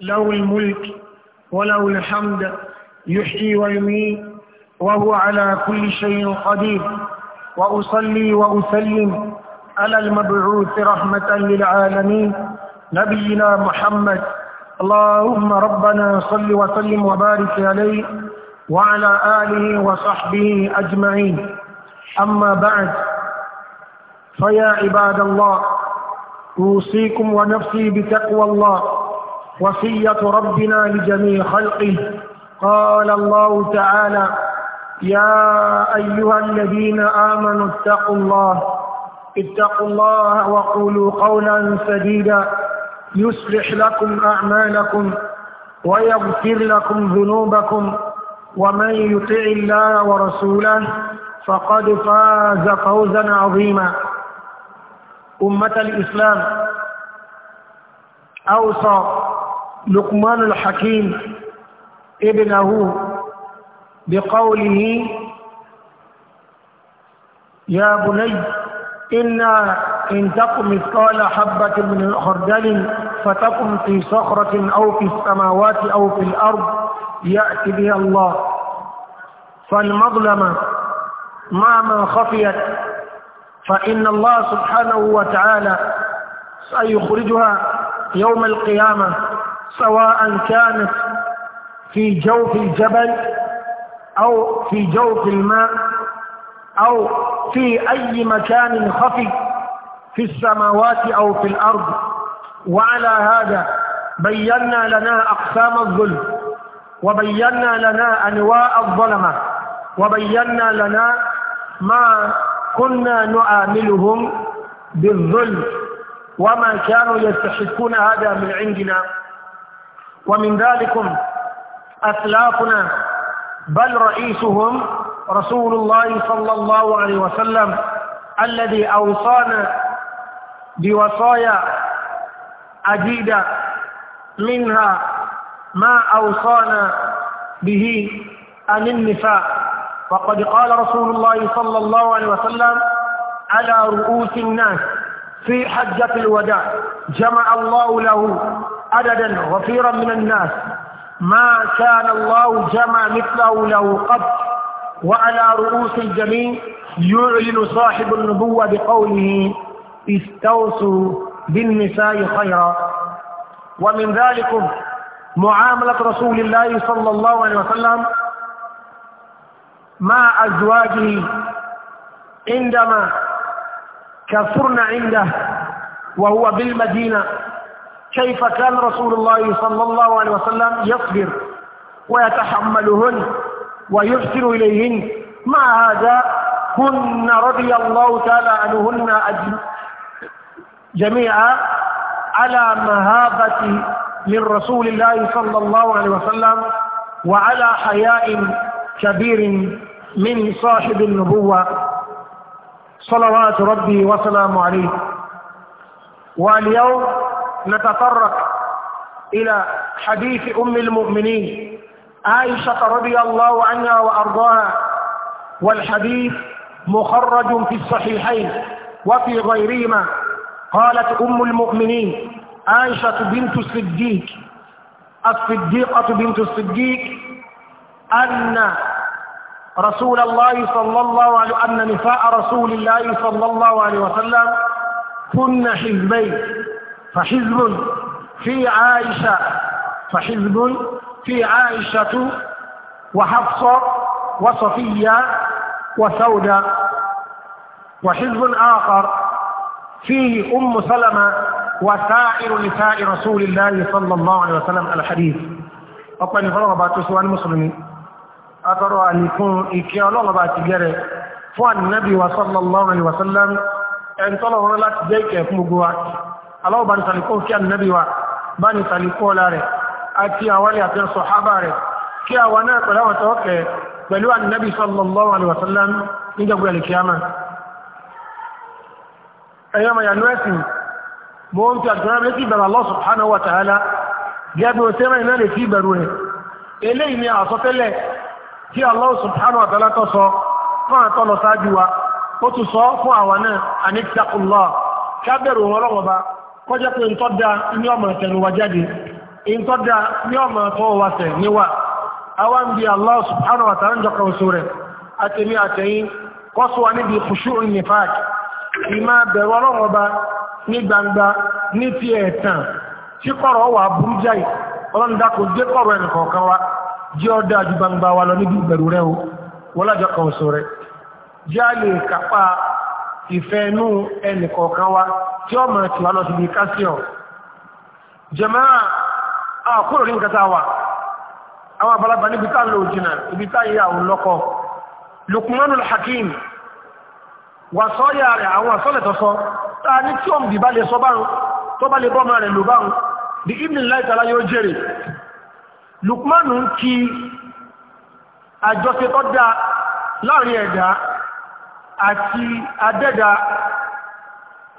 له الملك وله الحمد يحيي ويميت وهو على كل شيء قدير وأصلي وأسلم على المبعوث رحمة للعالمين نبينا محمد اللهم ربنا صل وسلم وبارك عليه وعلى آله وصحبه أجمعين أما بعد فيا عباد الله أوصيكم ونفسي بتقوى الله وصية ربنا لجميع خلقه قال الله تعالى يا أيها الذين آمنوا اتقوا الله اتقوا الله وقولوا قولا سديدا يصلح لكم أعمالكم ويغفر لكم ذنوبكم ومن يطع الله ورسوله فقد فاز فوزا عظيما أمة الإسلام أوصى لقمان الحكيم ابنه بقوله يا بني إن إن تقم مثقال حبة من خردل فتقم في صخرة أو في السماوات أو في الأرض يأتي بها الله فالمظلمة مع من خفيت فإن الله سبحانه وتعالى سيخرجها يوم القيامة سواء كانت في جوف الجبل أو في جوف الماء أو في أي مكان خفي في السماوات أو في الأرض وعلى هذا بينا لنا أقسام الظلم وبينا لنا أنواع الظلمة وبينا لنا ما كنا نعاملهم بالظلم وما كانوا يستحقون هذا من عندنا ومن ذلكم أسلافنا بل رئيسهم رسول الله صلى الله عليه وسلم الذي أوصانا بوصايا عديدة منها ما أوصانا به عن النساء وقد قال رسول الله صلى الله عليه وسلم على رؤوس الناس في حجة الوداع جمع الله له عددا غفيرا من الناس ما كان الله جمع مثله له قط وعلى رؤوس الجميع يعلن صاحب النبوة بقوله استوصوا بالنساء خيرا ومن ذلك معاملة رسول الله صلى الله عليه وسلم مع أزواجه عندما كفرن عنده وهو بالمدينة كيف كان رسول الله صلى الله عليه وسلم يصبر ويتحملهن ويحسن إليهن مع هذا كن رضي الله تعالى عنهن جميعا على مهابة للرسول الله صلى الله عليه وسلم وعلى حياء كبير من صاحب النبوة صلوات ربي وسلامه عليه واليوم نتطرق إلى حديث أم المؤمنين عائشة رضي الله عنها وأرضاها والحديث مخرج في الصحيحين وفي غيرهما قالت أم المؤمنين عائشة بنت الصديق الصديقة بنت الصديق أن رسول الله صلى الله عليه وسلم أن نساء رسول الله صلى الله عليه وسلم كن حزبين فحزب في عائشة فحزب في عائشة وحفصة وصفية وسودة وحزب آخر فيه أم سلمة وسائر نساء رسول الله صلى الله عليه وسلم الحديث ọpẹ́ ni fọ́lọ́wọ́ bá tó síwá ní mùsùlùmí àtọrọ àlìkún ìkẹ́ ọlọ́wọ́ bá ti gẹ́rẹ̀ fún ànìyàn bí wa sallallahu alaihi wasallam ẹn tọ́lọ̀wọ́n láti jẹ́ ìkẹ́ fún gbogbo wa aláwọ̀ bá ní sàlìkọ́ kí annabi wa bá ní sàlìkọ́ lárẹ̀ àti àwálẹ̀ àti sọ̀hábà rẹ̀ kí àwa náà pẹ̀lú àwọn tọ́ọ̀kẹ́ pẹ̀lú annabi sallallahu alaihi wasallam ní gbogbo alìkiyama ẹ̀yọ́ ma yànú ẹ̀sìn mo ń fi àjọyọ̀ létí ìbẹ̀rù Allah subhanahu wa ta'ala gẹ́gbẹ̀ òtẹ́ mẹ́rin náà lè fi ìbẹ̀rù rẹ̀ eléyìí ni àsọtẹ́lẹ̀ kábẹ̀rù wọn bá kọjá pé ń tọ́dá ní ọmọ ẹ̀tẹ̀nuwa jáde ń tọ́dá ní ọmọ ẹ̀tọ́wọ́wàtẹ̀ níwà bí wa ta'ala jọkọ̀ oṣù rẹ̀ àtẹ̀mí àtẹ̀yìn kọ́sùwa níbi khushu'un nifaq ìmá bẹ̀rù ọlọ́run ọba ní gbangba ní ti ẹ̀tàn tí kọ̀rọ̀ ìfẹ́ inú tí ó mọ̀ tí wọ́n lọ sí ibi calcium jẹ̀mọ́ra àkúrò ní nǹkan tá a wà àwọn àbálàbà níbi tá lò jìnà ibi tá yí àwọn lọ́kọ̀ Lukmanul Hakim wà sọ́yà rẹ̀ àwọn àsọ́lẹ̀ tọ́sọ́ tá ní tí òun bìbá lè sọ báhùn tó bá lè bọ́mà rẹ̀ lò báhùn di ibn láìtàlá yóò jèrè Lukmanu ń kí àjọṣe tó dá láàrin ẹ̀dá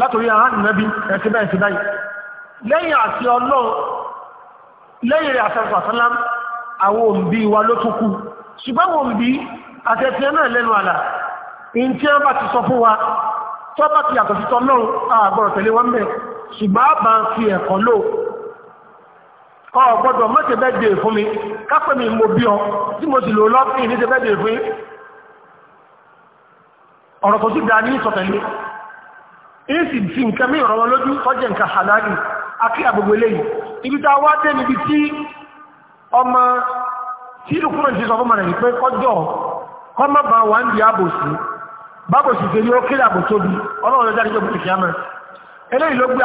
látòrí àwọn ànàbí ẹ̀sìn bẹ́ẹ̀ sí báyìí lẹ́yìn àti ọlọ́run lẹ́yìn rẹ̀ àtẹ́sọ̀ àtàlám àwọn òǹbí wa ló tún kú ṣùgbọ́n àwọn òǹbí àtẹ́sẹ̀ náà lẹ́nu àlà èyí tí wọ́n bá ti sọ fún wa tó bá ti yàtọ̀ sí tọ́lọ́run àgbọ̀rọ̀ tẹ̀lé wọn bẹ̀ ṣùgbọ́n àbá ń fi sì lò ní ìsọ̀tẹ̀lé èsì tí nǹkan mí ọ̀rọ̀ wọn lójú ọjẹ́ nǹkan halali àti àgbègbè lẹ́yìn ibi tá a wá dé níbi tí ọmọ tí lùkúrẹ̀ ti sọ fún mọ̀rẹ̀ pé kọjọ́ kọ́mọ̀ bá wà ń di àbòsí bábòsí tèmi ó kéré àbò tóbi ọlọ́run lọ́jà níjọ́ bùkún ìfìyàmẹ́ eléyìí ló gbé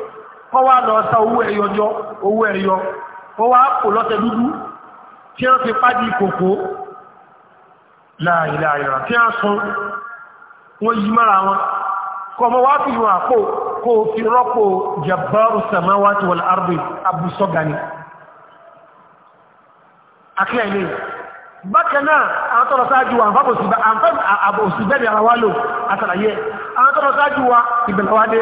kọ́wá lọ ta owó ẹ̀yọ jọ owó ẹ̀yọ ó wá kò lọ́tẹ̀ dúdú tí wọ́n fi pádì kòkó láàrínláàrínlá tí wọ́n sun wọ́n yí mọ́ra wọn kọ́ wá fi hàn àpò kó fi rọ́pò jabbaru samawati wal ardi abusọ́gani akílẹ̀ ilé bákan náà àwọn wa àǹfààbòsí bẹ́ẹ̀ ara wá lò àtàlàyé àwọn tọ́lọ sáájú wa ìbẹ̀lẹ̀wádé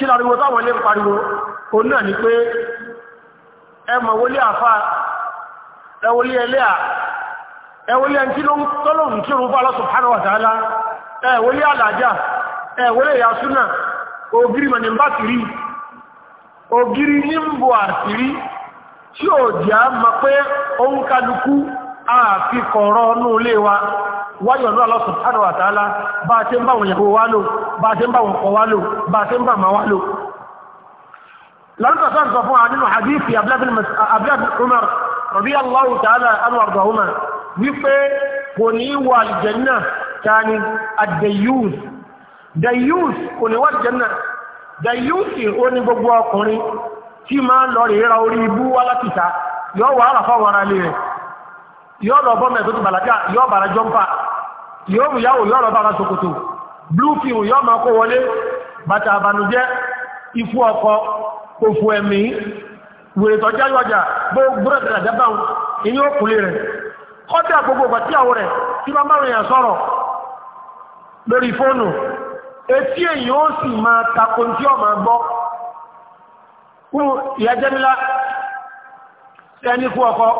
kí lariwo táwọn ilé ń pariwo òun náà ni pé ẹ mọ̀ wọlé àfa ẹ wọlé ẹlẹ́à ẹ wọlé ẹni tí òun ẹ ẹ ògiri mọ̀ tìrí ògiri ní àtìrí tí ò jẹ́ pé òun kálukú àfikọ̀rọ̀ wáyọ̀ lọ́wọ́ Allah subhanahu wa ta'ala bá a ti ń bá wọn yàgò wá lò bá a ti ń bá wọn kọ̀ wá lò bá a ti ń bá wọn wá lò. lọ́nà tó sọ fún wa nínú hadithi abdul umar tani adayus dayus kò ní wà aljanna dayus ó ní gbogbo ọkùnrin tí máa ń lọ rèé ra orí ibú wá láti ta yọ wàhálà fáwọn yóò ya yàwó yọ́ lọ bára sokoto bluefield yọ́ máa kó wọlé bàtà àbànújẹ́ ikú ọkọ̀ òfò ẹ̀mí wèrètọ̀ jáyọjà gbogbo ẹ̀dẹ̀ àjábáwọn inú òkúlé rẹ̀ kọ́dà gbogbo bàtíyàwó rẹ̀ tí bá márùn ọ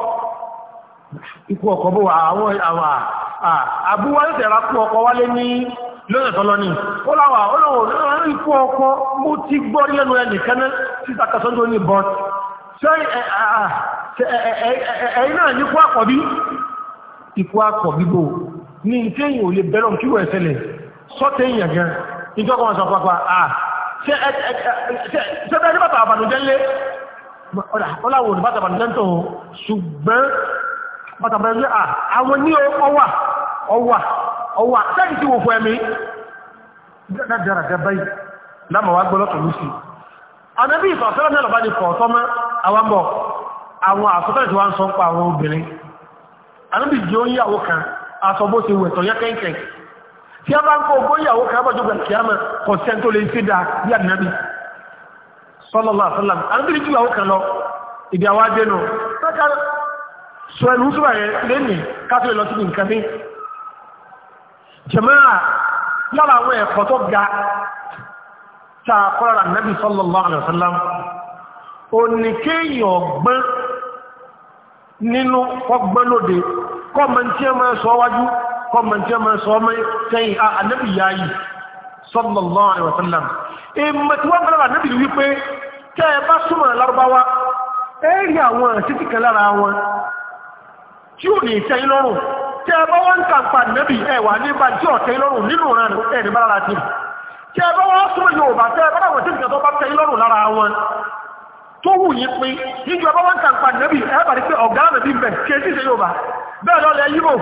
ikú ọkọ̀ bó àwọn àbúwá ah, ló tẹ̀ra kú ọkọ̀ wálé ní lónìí tọ́lọ́ ní ó láwà ó lọ́wọ́ láàrin kú ọkọ̀ mo ti gbọ́ rí lẹ́nu ẹnìkan náà síta kasọ́jọ́ ní bọ́t ṣé ẹ̀yin náà ní kú àkọ́bí ikú àkọ́bí bò ní ìtẹ́yìn ò lè bẹ́rọ̀ kí wọ́n ẹ̀sẹ̀lẹ̀ sọ́tẹ̀yìn àgẹ́ ìjọba wọn sọ pápá à ah, ṣé ẹ̀ẹ́dẹ́gbàtà àbànújẹ́ lé ọ̀làwọ̀ òdìbàtà àbànújẹ́ ń tọ̀ ṣùgbọ́n pàtàkì à àwọn ní ọwà ọwà ọwà sẹ́yìn tí wò fún ẹ̀mí dáadáa dábáyì láàmà wá gbọ́lọ́ tòlú sí ànábì ìfàṣẹ́lẹ̀ náà lọ́bá ní kọ̀ọ̀tọ́ mọ́ àwọn bọ̀ àwọn àsọ́tẹ̀ tí wá ń sọ pa àwọn obìnrin ànábì jí ó yàwó kan aṣọ bó ti wẹ̀tọ̀ yẹ́ kẹ́kẹ́ tí a bá ń kó ogó yàwó kan bọ́jú gbẹ̀ kí a mọ̀ kọ̀ sí ẹni tó lè ṣe dáa bí ànábì sallallahu alaihi kan lọ ìdí àwọn adé nù sọ ẹnu wúsùbà yẹn lẹ́nì káfí lọ sí nǹkan mi jẹ̀mọ́ra lára àwọn ẹ̀kọ́ tó ga tá a kọ́ lára nàbì sallallahu alaihi wasallam oníkéèyàn ọgbọ́n nínú ọgbọ́n lóde kọ́mọ̀ tí ẹ máa sọ wájú kọ́mọ̀ tí ẹ máa sọ ọmọ tẹ́yìn ànábì yáyì sallallahu alaihi wasallam èèmọ̀ tí wọ́n bẹ̀rẹ̀ ànábì wípé tẹ́ ẹ bá súnmọ̀ lárúbáwá ẹ rí àwọn àtìtì kan lára wọn tí ò ní ìtẹ́yìn lọ́rùn tẹ́ ẹ bá wọ́n ń tàǹpa nẹ́bì ẹ̀wà nígbà tí ọ̀tẹ́yìn lọ́rùn nínú ìran ẹ̀rí bára ti tẹ́ ẹ bá wọ́n sọ Yorùbá tẹ́ ẹ bá wọ́n tí ìjọba bá tẹ́yìn lọ́rùn lára wọn tó wù yín pé níjọ bá wọ́n ń tàǹpa nẹ́bì ẹ bá rí pé ọ̀gá nẹ́bì bẹ̀ kí etí ṣe Yorùbá bẹ́ẹ̀ lọ́lẹ̀ yíbò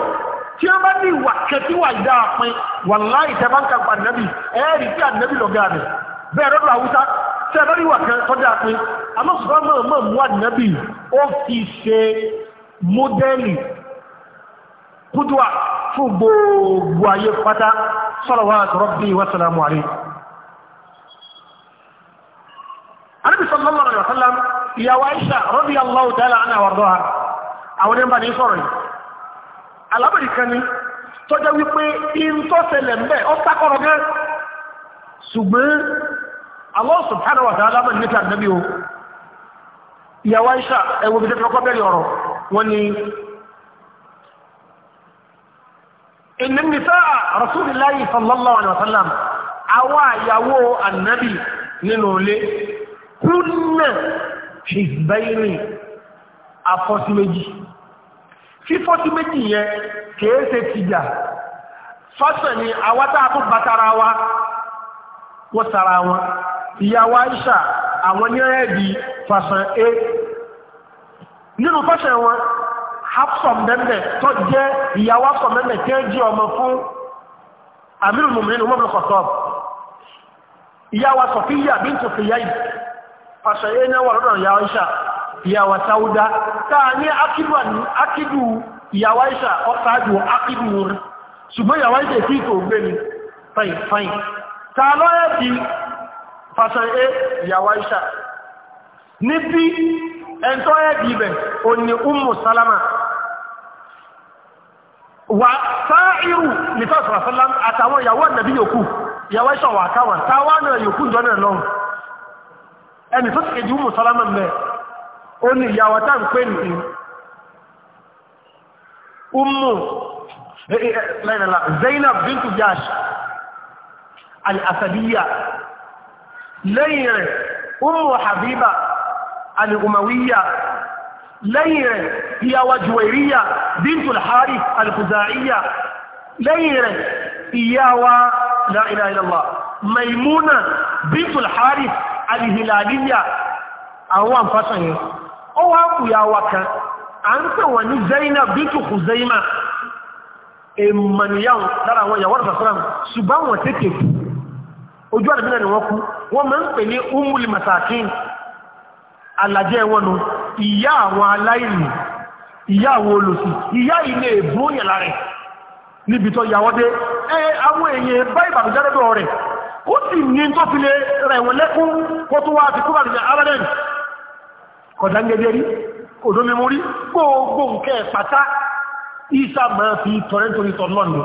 tí wọ́n bá ní ìwà kẹtí wà ìdá pin wàláì tẹ́ bá ń tàǹpa nẹ́bì ẹ rí ànẹ́bì lọ́gá rẹ̀ bẹ́ẹ̀ lọ́dọ̀ àwùsá tẹ́ ẹ bá rí ìwà kan tọ́jà àmọ́ sùgbọ́n mọ̀ mọ̀ mú ànẹ́bì ó fi ṣe mọ́dẹ́lì kúdùwà fún gbogbo ayé pátá salawatu rabbi wa salamu alayhi Ànábì sallallahu alaihi wa sallam ìyàwó Aisha radiyallahu ta'ala anha wardaha àwọn ẹ̀mbà ní sọ̀rọ̀ yìí alábẹ̀rẹ̀ kan ní tọ́jọ́ wípé ìntọ́sẹ̀lẹ̀ ń bẹ́ ọ́sákọ̀rọ̀ gan ṣùgbọ́n Allah subhanahu wa ta'ala mọ̀ nípa Ànábì o ìyàwó Aisha ẹ̀wọ̀ bìtẹ́tọ́kọ́ bẹ̀rẹ̀ ọ̀rọ̀ wọ́n ní inna nisaa rasulillahi sallallahu alaihi wasallam awa àyàwó annabi nínú ilé kúnnà ṣìgbẹ́rin afọ́síméjì fífọ́síméjì yẹn kèése tìjà fọ́sẹ̀ ni àwátá àbú wa wọ́n tara wọn ìyàwó Aisha àwọn ní ẹ̀ẹ́dì fàṣàn 8 nínú fẹ́ṣẹ̀ wọn hapsọ̀ mẹ́mẹ́ tó jẹ́ ìyàwó hapsọ̀ mẹ́mẹ́ tí ó jí ọmọ fún amírù mùmìnir Umar bin Khattab ìyàwó Sọfíyà bint Sufyayy ọ̀ṣẹ̀ yẹn náà wà lọ́dọ̀ ìyàwó Aisha ìyàwó Sauda táà ní akídù ìyàwó Aisha ọ̀sáájú akídù rẹ̀ ṣùgbọ́n ìyàwó Aisha èsì ìtò ògbé ni fain fain ta lọ́yẹ̀ bí fàṣẹ̀ yẹn ìyàwó Aisha níbi ẹ̀ntọ́ ẹ̀ bí ibẹ̀ òní umu salama wà sáírù nìkan sọ̀rọ̀ sọ́lá àtàwọn ìyàwó ẹ̀nàbí yòókù ìyàwó ẹ̀ṣọ́ wà káwà táwa náà yòókù jọ náà lọ́wọ́ ẹni tó ti kejì umu salama mẹ́ òní ìyàwó tá à ń pè ní umu lẹ́nàlá Zainab bintu Jash al-Asadiyya lẹ́yìn rẹ̀ umu Habiba الأموية لين هي وجويرية بنت الحارث الخزاعية لين هي و... لا إله إلا الله ميمونة بنت الحارث الهلالية أهو أنفسهم أو أكو يا وكا أنت وني زينب بنت خزيمة èmànìyàn lára àwọn ìyàwó àtàkùnrin ṣùgbọ́n wọ́n tẹ́kẹ̀ẹ́ ojú àdàbí náà ni wọ́n kú wọ́n máa ń pè ní umul masakin alàjẹ́ wọn nu ìyá àwọn aláìní ìyá àwọn olùsì ìyá ilé ìbúnyẹ̀ lárẹ̀ níbi tó yàwọ́ dé ẹ àwọn èèyàn bá ìbànújẹ́ lọ́dọ̀ rẹ̀ ó sì ní tó fi lè rẹ̀ lẹ́kún kó tó wá àti kó bàbá kọ̀dá ń gẹ́gẹ́ isa máa fi tọ̀rẹ́ nítorí tọ̀lọ́nù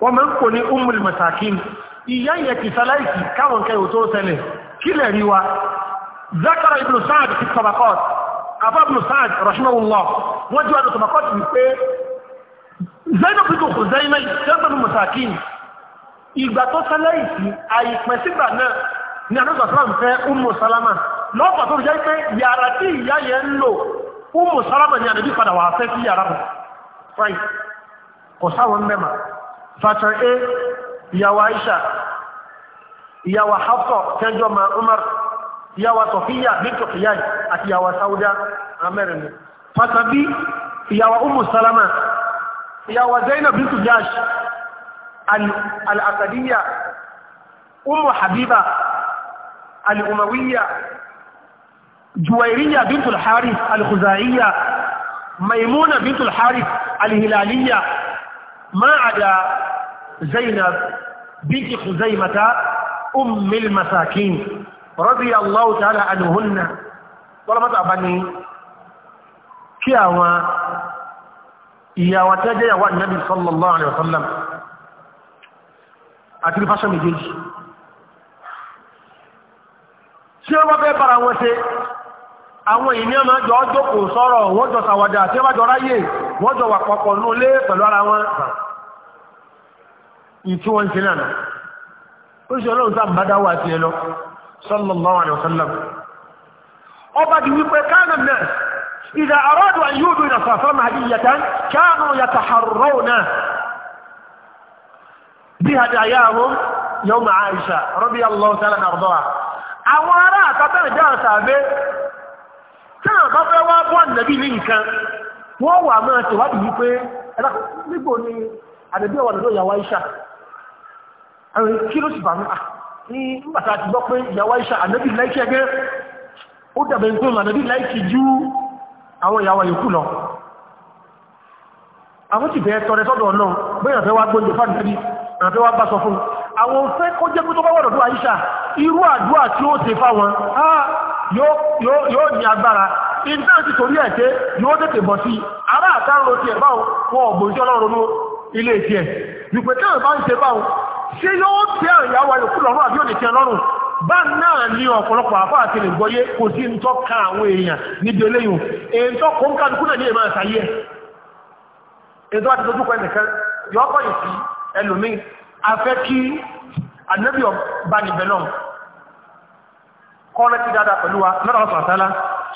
wọ́n máa ń kò ní umul masakin ذكر ابن سعد في الطبقات أبا ابن سعد رحمه الله وجه الطبقات من إيه زينب بن خزيمة زينب بن مساكين ìgbà tó sẹ́lẹ̀ ìsì àìpẹ́ sígbà náà ni àdúgbà tó ń fẹ́ umu salama lọ́pàá tó jẹ́ pé yàrá tí ìyá yẹn ń lò umu salama ni àdúgbà padà wà fẹ́ sí yàrá rẹ̀ fine kò sáwọn mẹ́mà fàtàn a ìyàwó aisha ìyàwó hafsọ tẹjọ ma umar ìyàwó sọ̀fíyà bíntu Kìyáyì àti ìyàwó sáúdá amẹ́rin fàtàbí ìyàwó umu salama ìyàwó zainab bíntu jash al'asadiyya umu habiba al'umawiyya juwairiyya bíntu al-harith al-khuza'iyya maimuna bíntu al-harith al-hilaliyya ma ada zainab bíntu khuzaimata ummil masakin rọ́bì Allahu ta'ala anhunna tọ́lọ́mọ́tà bá ní kí àwọn ìyàwó tẹ́jẹ́ ìyàwó Ànábì sallallahu alaihi wasallam àti fásọ́ méjèèjì tí ó wọ́n fẹ́ bára wọn ṣe àwọn ènìyàn máa jọ ọjọ́ kò sọ̀rọ̀ wọ́n jọ ṣàwàdà tí ọlọ́run sáà bá dáwọ́ àti ẹ sallallahu alaihi wasallam ọba di wípé kánà náà ìdá àrọ́dù àyúdù ìrìn àfàfà máa di yàtá kánà yàtà harrọ́ náà bí hadayáwó yóò máa àìṣà rọ́bí allah ta'ala na ọ̀dọ́ àwọn ará àtàtà ìjà àtàbẹ́ táwọn kan fẹ́ wá bọ́ nàbí ní nǹkan wọ́n wà máa tẹ̀wádìí wípé nígbò ni àdébí ọ̀wà ìyàwó àìṣà àwọn kí ló sì bá ń à ah, ní nígbàtà ti gbọ́ pé ìyàwó Aisha ànábì láìkí ẹgẹ́ ó dẹ̀bẹ̀ ànábì láìkí ju àwọn ìyàwó yòókù lọ àwọn ti bẹ̀ẹ́ tọrẹ sọ́dọ̀ náà bẹ́yàn wá gbóúnjẹ ilé ìṣẹ́ ń ṣé yóò tẹ́ àyàwó ayòkú lọ́rùn àbí òdìtì ọlọ́run bá náà ní ọ̀pọ̀lọpọ̀ àfáà ti lè gbọ́yé kò sí ń tọ́ ka àwọn èèyàn níbi eléyìí èyí tó kó ń ká dúkú náà ní èèmọ̀ àṣàyé ẹ̀ èyí tó bá ti dojú kọ ẹnìkan yọ ọkọ yìí sí ẹlòmíì afẹ́ kí ànábì ọba níbẹ̀ náà kọ́rẹ́ ti dáadáa pẹ̀lú wa lọ́dọ̀ ọ̀sán àtàlá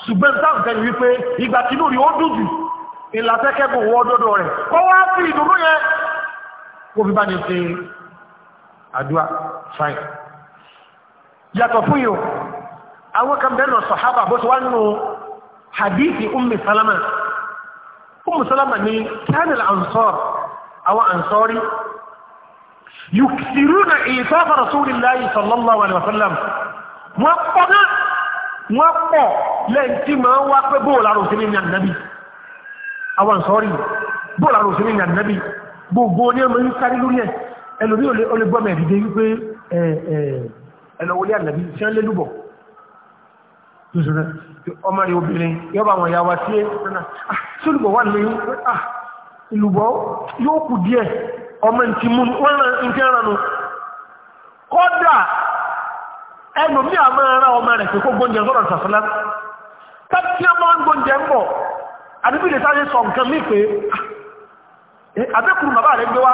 ṣùgbọ́n táwọn tẹ́lẹ̀ wípé ìgbà tí lórí ó dùn jù ìlàfẹ́kẹ́gbò wọ́ dọ́dọ̀ rẹ̀ kọ́ wá sí ìdùnnú yẹn kó fi bá ní ṣe àdúrà fine yàtọ̀ fún yìí o àwọn kan bẹ́ẹ̀ lọ sọ̀hábà bó ti wá nù hadithi ummi salama ummi salama ni kánil ansor àwọn ansori yukiruna ìsáfà rasulillahi sallallahu alaihi wasallam wọ́n pọ̀ náà wọ́n pọ̀ lẹ́yìn tí máa ń wá pé bóòlù àròsí ní ànábì àwọn ansori bóòlù àròsí ní ànábì gbogbo ní ọmọ ń sáré lórí ẹ̀ ẹlòmí ò lè gbọ́mọ̀ ìdíje wípé ẹlọ́wọlé ànàbí tí wọ́n lé lúbọ̀ ọmọ rẹ̀ obìnrin yọba àwọn ìyá wa sí ẹ̀nà tí ah, olùbọ̀ wà lóyún ìlúbọ̀ ah, yóò kù díẹ̀ ọmọ ìtì mú wọn ń tẹ́ ẹ̀rọ kódà ẹlòmí àmọ́ ara ọmọ rẹ̀ pé kó gbóúnjẹ sọ̀rọ̀ sàfúlá tẹ́tí ọmọ gbóúnjẹ ń bọ̀ àdébìlẹ̀ sáré sọ nǹkan mí pé ah, àbẹ́kùnrin bàbá rẹ̀ gbé wá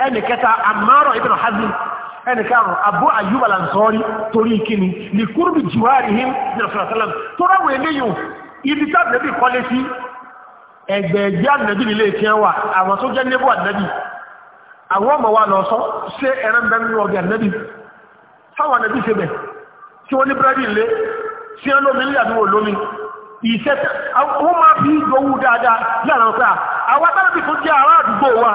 ẹnì kẹta Ammar ibn Hazm ẹnì karùn Abu Ayyub al-Ansari torí kíni ní kúrúbì juwarihim ní ọ̀sán tó ráwọ̀ eléyìí ibi tá àbẹ̀bí kọ́lé sí ẹgbẹ̀ẹ̀gbẹ́ àbẹ̀bí nílé tí wọ́n wà àwọn tó jẹ́ nébù àbẹ̀bí àwọn ọmọ wa lọ sọ ṣé ẹran bẹ́ẹ̀ ní ọ̀gẹ̀ àbẹ̀bí táwọn àbẹ̀bí ṣe bẹ̀ tí wọ́n ní búrẹ́dì ńlé tí wọ́n lómi ní àdúgbò lómi ìṣẹ́ wọ́n máa fi ìgbòhù dáadáa láàrín ọ̀pẹ́ àwọn tábìlì tó jẹ́ ará àdúgbò wa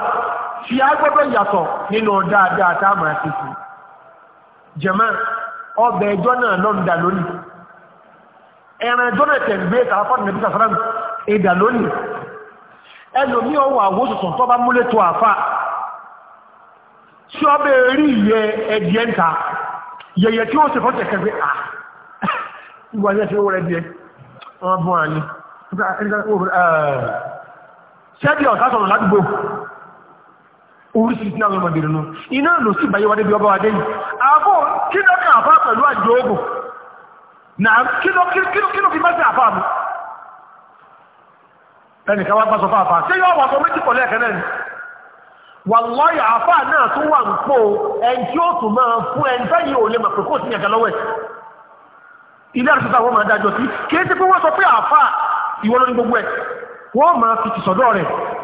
tí a gbọ́dọ̀ yàtọ̀ nínú dáadáa tá a máa ti fi jẹ̀mọ́ ọbẹ̀ ẹjọ́ náà lọ́nà dà lónìí ẹran ẹjọ́ náà tẹ̀gbé tààfọ́n nàbí sàfàràn èdà lónìí ẹlòmí ọwọ́ àwòsùsùn tó bá múlé tó àfà tí ọbẹ̀ rí ìyẹ ẹdìẹ ń ta yẹyẹ tí ó sì fọ́n tẹ̀kẹ́ pé à ìwà yẹn ti wọ́rẹ́ díẹ̀ wọ́n bọ́ àní ṣẹ́bí ọ̀sá sọ̀rọ̀ ládùúgbò oríṣiríṣi àwọn ọmọbìnrin nù iná ló sì báyé wádé bí ọba wádé yìí àbọ̀ kí ló kà àfá pẹ̀lú àjò ogun na kí ló fi mẹ́sì àfá mu ẹnìkan wá bá sọ fún àfá ṣé yóò wà sọ méjì pọ̀ lẹ́ẹ̀kan náà ni wàlọ́yà àfá náà tó wà ń pò ẹn tí ó tún máa fún ẹn tẹ́yìn ò lè mọ̀ pé kò sí ẹ̀gá lọ́wọ́ ẹ̀ ilé àti sọ́sọ́ àwọn máa dájọ́ sí kí é ti pé wọ́n sọ pé àfá ìwọ́n lórí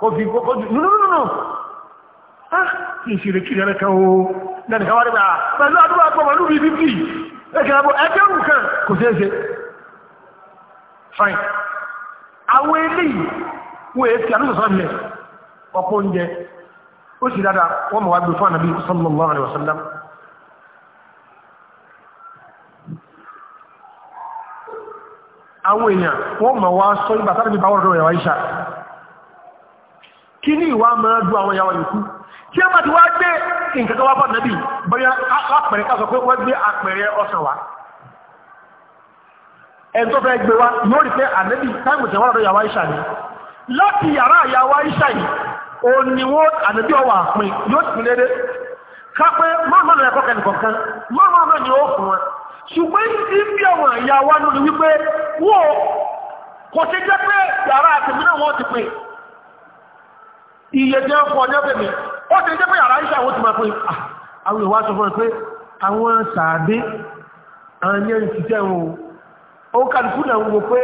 ó fi kókó jù nínú kí n sì rè kiri ẹnìkan o lẹ́nìkan wá nígbà ah, pẹ̀lú àdúrà pọ̀ pẹ̀lú bíi bíbí ẹ̀kẹ́ àbọ̀ ẹgbẹ̀rún kan kò ṣeé ṣe fine àwọn eléyìí wọ́n èé fi àdúrà sọ́ọ̀mì ọ̀pọ̀ oúnjẹ ó sì dáadáa wọ́n mọ̀ wá gbé fún ànàbí sallallahu alaihi wasallam àwọn èèyàn kí ní ìwà máa du àwọn ìyàwó yìí tí a bá ti wá gbé nǹkan kan wá bá nàbí bóyá apẹ̀rẹ̀ ká sọ pé wọ́n gbé apẹ̀rẹ̀ ọsàn wá ẹni tó fẹ́ gbé wá yóò rí pé ànábì táìmù tẹ̀wọ́n lọ́dọ̀ ìṣà ni láti yàrá àyàwá ìṣà yìí ò ní wọ́n ànábì ọwà pin yóò sì lédè kápẹ́ mọ́mọ́nà ẹ̀kọ́ kẹ́nìkọ̀ọ̀kan mọ́mọ́nà ni ó fún wọn ṣùgbọ́n ní bí àwọn àyàwá lórí wípé wọ́n iye jẹ́ fún ọjọ́ tèmi ó ti jẹ́ pé yàrá iṣẹ́ àwọn ti máa pín àwọn ìwà sọ fún ẹ pé àwọn sàádé àyẹ́ ìṣiṣẹ́ wọn ó kàlùkù náà wò pé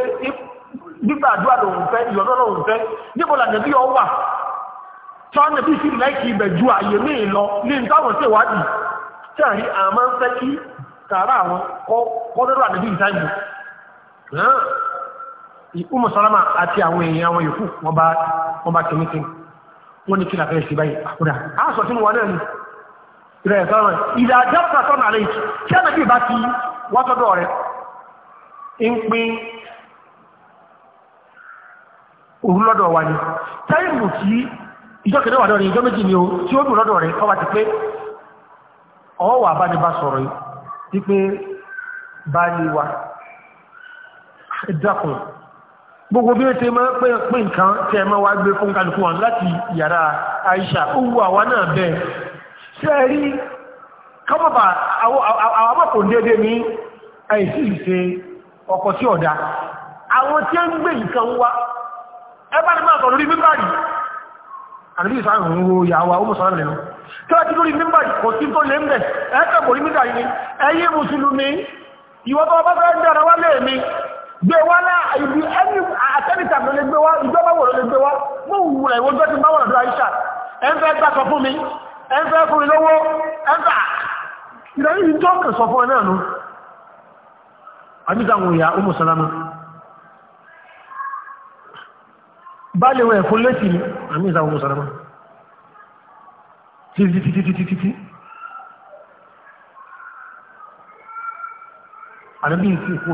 gbígbàdúrà lòun fẹ́ ìyọ̀dọ́ lòun fẹ́ níbo làdẹ̀ bí ọ wà tọ́nà bí sí láìkì ibẹ̀ ju àyè mí lọ ní ìtàwọn tí ìwádìí tí àrí àmọ́ ń fẹ́ kí tààrà àwọn kọ́dọ́rọ̀ àdébí ìkú mùsùlùmá àti àwọn èèyàn àwọn yòókù wọn bá kìnnìkìnnì wọ́n ní kí làfẹ́ ṣe báyìí àkúdà ah, á sọ sínú wọn náà ni ìrẹ̀ ẹ̀sọ́ ìdá àjọpọ̀ sọ́nà àlẹ́ kí ẹ̀nà bá ti wọ́tọ́dọ̀ rẹ̀ ń pín lọ́dọ̀ wa ni táìmù tí wà lọ́rin méjì ni tí ó lọ́dọ̀ rẹ̀ ti pé wà ní bá sọ̀rọ̀ yìí wípé gbogbo bí ó máa nǹkan tí ẹ máa wá gbé fún kálukú wọn láti yàrá Aisha ó àwa náà bẹ́ẹ̀ ṣe ẹ rí kábàbà àwọn àpapọ̀ déédéé ní àìsí ìṣe ọkọ̀ tí ọ̀dá àwọn tí ó ń gbé nǹkan wá ẹ bá ní máa sọ lórí mímbàrì ìsáhùn lẹ́nu tí wọ́n ti lórí mímbàrì kò sí tó lé ń bẹ̀ gbé wá náà ibi ẹni àtẹnità ló lè gbé wá ìjọba wò ló lè gbé wá mo wù rẹ̀ ìwọ́jọ́ ti bá wà lọ́dọ̀ Aisha ẹ ń fẹ́ gbà sọ fún mi ẹ ń fẹ́ fún mi lọ́wọ́ ẹ ń fà ìrẹ̀lẹ́ yìí tó kàn sọ fún ẹ náà nù àbíta àwọn ìyá Umu Salama báyìí wọ̀ ẹ̀fọ́ létí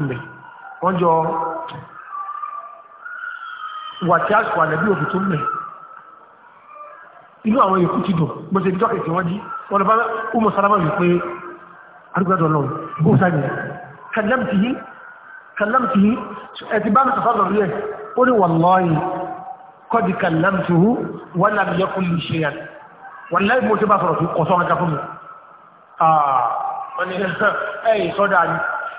ni wọ́n jọ wà tí a sọ àlẹ́bí òfin tó mẹ́ inú àwọn èkú ti dùn bó ṣe jọ́kẹ̀ tí wọ́n jí wọ́n bá ọmọ sálámà yìí pé arúgbádọ̀ lọ bó sáyẹn kàlẹ́mtìyí kàlẹ́mtìyí ẹ̀tì bá mi sọ̀fà lọ rí ẹ̀ ó ní wàlọ́ọ̀yì kọ́dí kàlẹ́mtìhú wọ́n lábi yẹ kó lè ṣe yàn wọ́n láì mo ti bá sọ̀rọ̀ fún ah, ẹ̀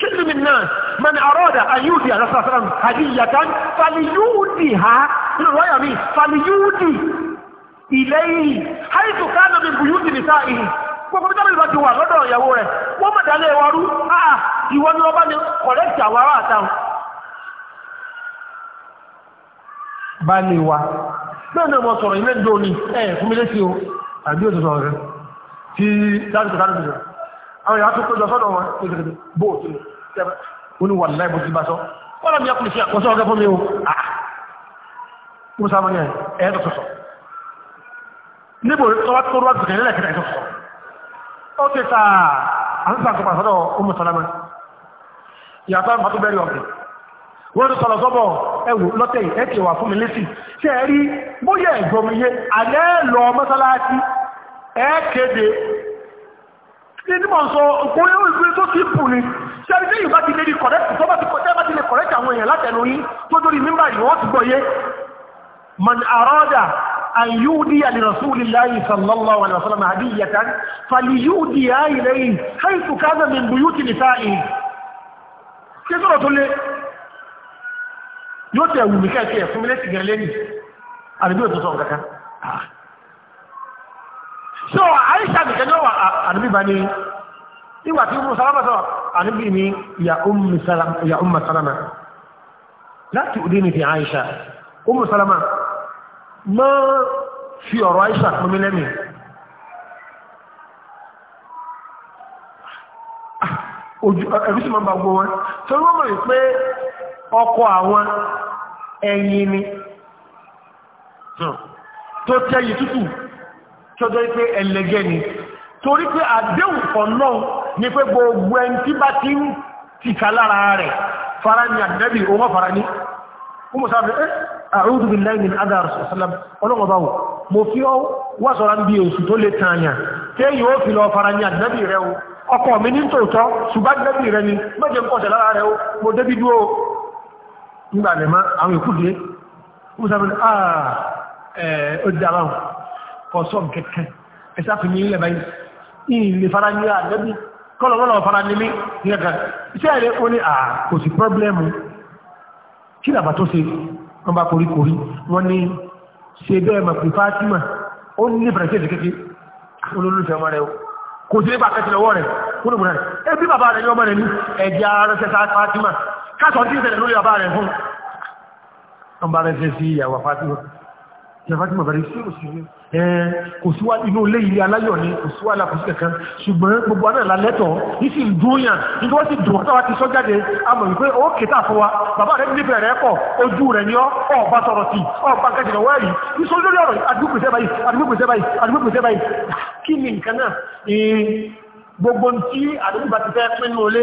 كل من الناس من أراد أن يودي على صلى الله عليه وسلم هدية فليوديها في الرواية مين فليودي إليه حيث كان من بيوت نسائه gbogbo tó bẹ̀rẹ̀ ti wà lọ́dọ̀ ìyàwó rẹ̀ wọ́n mọ̀ dálé wọn rú àà ìwọ ni ọba ni kọ̀lẹ́tì àwọn ará àtàwọn àwọn èèyàn tó péjọ sọ́dọ̀ wọn kékeré bóòtù ni ó ní wà láì bó ti bá sọ wọ́n lọ́mí ọkùnrin sí àkọsọ́ ọ̀gá fún mi o ah. musa mọ́ni ẹ̀ tó sọ̀sọ̀ níbo tó wá tó rọ́ọ̀tù kẹ̀lẹ́ kẹ̀lẹ́ tó sọ̀sọ̀ ó ti sà á ń sàkópa sọ́dọ̀ ọmọ sàlámà ìyàtọ̀ àmà bẹ́rẹ̀ ọ̀gbìn wọ́n ti sọ̀rọ̀ sọ́bọ̀ ẹwù lọ́tẹ̀ ẹ̀ ti wà fún mi létí ṣe rí bóyá ẹ̀gbọ́n mi yé àlẹ́ lọ mọ́sálásí ẹ̀ kéde ní mọ̀ sọ òkun yóò gbé tó ti pù ni ṣẹ́ni tí yorùbá ti lè di kọ̀rẹ́tì tó bá ti kọ̀tẹ́ bá ti lè kọ̀rẹ́tì àwọn èèyàn látẹnu yín tó dórí mímbà yìí wọ́n ti gbọ́ yé man arada an yudiya li rasulillahi sallallahu alaihi wasallam hadiyatan falyudiya ilayhi so aisha bi kẹjọ wa anabi ba ni iwa ti umu salama sọ anabi ni ya umu salama ya umu salama láti òde ni fi aisha umu salama ma fi ọ̀rọ̀ aisha pọn mi lẹ́nu ojú ẹbí sì máa ń ba gbogbo wọn tó ló mọ̀ pé ọkọ àwọn ẹyin ni hmm. tó tẹ́yìn tútù tọ́jọ́ pé ẹlẹ́gẹ́ ni torí pé àdéhùn kan náà ni pé gbogbo ẹni tí bá ti ń tìka lára rẹ̀ fara ní àdẹ́bì owó fara ní ọmọ sáfẹ́ ẹ́ àrùdù bí láì ní adára sọ́sọ́lá ọlọ́gbọ̀bá wò mo fi ọ́ wá sọ́ra ń bí oṣù tó lè tààyà téèyàn mi ní tòótọ́ ṣùgbọ́n àdẹ́bì rẹ̀ ni mẹ́jẹ̀ ń kọ̀ṣẹ̀ lára rẹ̀ o mo débi dúró nígbà lẹ́mọ́ àwọn ìkúdé ọmọ sáfẹ́ ah ẹ̀ẹ́ eh, ó dára kọ̀sọ́ kẹ̀kẹ́ ẹ̀sá fi ní ilẹ̀ báyìí ìlè fara ní àdẹ́bí kọ́lọ̀lọ́lọ̀ fara ní mí nìkan iṣẹ́ ẹ̀rẹ́ ó ní àkò sí pọ́blẹ́mù kí làbà tó ṣe wọ́n bá koríkorí wọ́n ní ṣe bẹ́ẹ̀ mọ̀ pé Fátímà ó ní fẹ̀rẹ̀ṣẹ́ ìdí kékeré olólùfẹ́ ọmọ rẹ̀ kò sí nípa kẹsìlẹ̀ ọwọ́ rẹ̀ kúrò ìyàwó Fátímà jẹfàtí mọ̀bẹ̀rẹ̀ sí òṣèré ẹn kò síwá inú ilé ilé aláyọ̀ ni kò síwá alákòóso kankan ṣùgbọ́n gbogbo anáà lálẹ́tọ̀ ní sì ń dún yàn nígbà wọ́n ti dùn ọ́tàwá ti sọ jáde amọ̀ wípé ó kéta fún wa bàbá rẹ̀ níbi rẹ̀ pọ̀ ojú rẹ̀ ni ọ́ ọba sọ̀rọ̀ sí ọba gàjìnà wẹ́ẹ̀rì ìṣó lórí ọ̀rọ̀ àdúgbòsẹ́ báyìí àdúgbòsẹ́ báyìí àdúgbòsẹ́ báyìí kí ni nǹkan náà gbogbo tí àdúgbò bá ti fẹ́ pinnu olé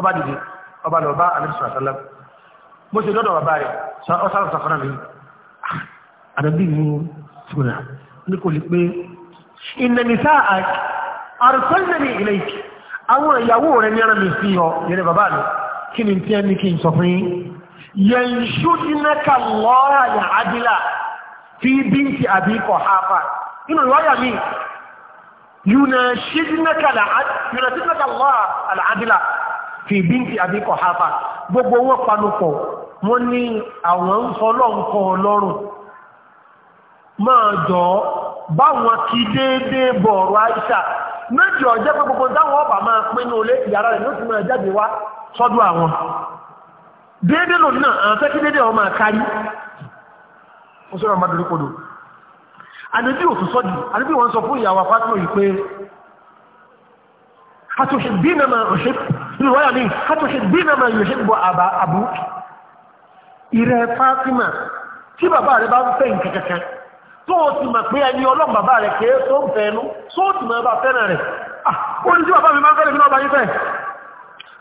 ọba dìde ọba lọ bá alẹ́sùn àtàlá mo ṣe lọ́dọ̀ bàbá rẹ̀ ọ̀sán sàfọ́nà mi àdàbí mi fúnra ní kò lè pé ìnànìsá àrùsọ́lẹ̀mì ilẹ̀ ìkì àwọn ìyàwó rẹ̀ ní ara mi fi ọ yẹrẹ bàbá mi kí ni tí ẹni kí n sọ fún yẹn ṣúdínẹ́kà lọ́ọ̀rà yà ádìlà fìbí ń fi àbíkọ̀ hafa gbogbo wọn panupọ̀ wọ́n ní àwọn ń fọlọ́ǹkọ́ ọlọ́run máa jọ báwọn kí déédéé bọ̀ ọ̀rọ̀ àìsà méjì ọ̀jẹ́ pé gbogbo dáwọn ọba máa pinnu olé ìyára rẹ̀ ló ti máa jáde wá sọ́dọ̀ àwọn déédéé lòdì náà àwọn fẹ́ kí déédéé wọn máa kárí ó sọ̀rọ̀ máa dorí kodò àdébí ò tún sọ́dì àdébí wọn sọ fún ìyàwó apá tó yìí pé àtúnṣe bí náà máa rọ̀ṣẹ́pù nínú wáyà mi hàtúnṣe dínà máa yòó ṣe gbọ́ àbá àbú ìrẹ́ Fátímà tí bàbá rẹ̀ bá ń fẹ́ nǹkan kankan tó o ti mọ̀ pé ẹni ọlọ́run bàbá rẹ̀ kéé tó ń fẹ́ ẹnu tó o ti mọ̀ bá fẹ́ràn rẹ̀ ah, ó ní tí bàbá mi máa ń fẹ́ràn mi náà bá yín fẹ́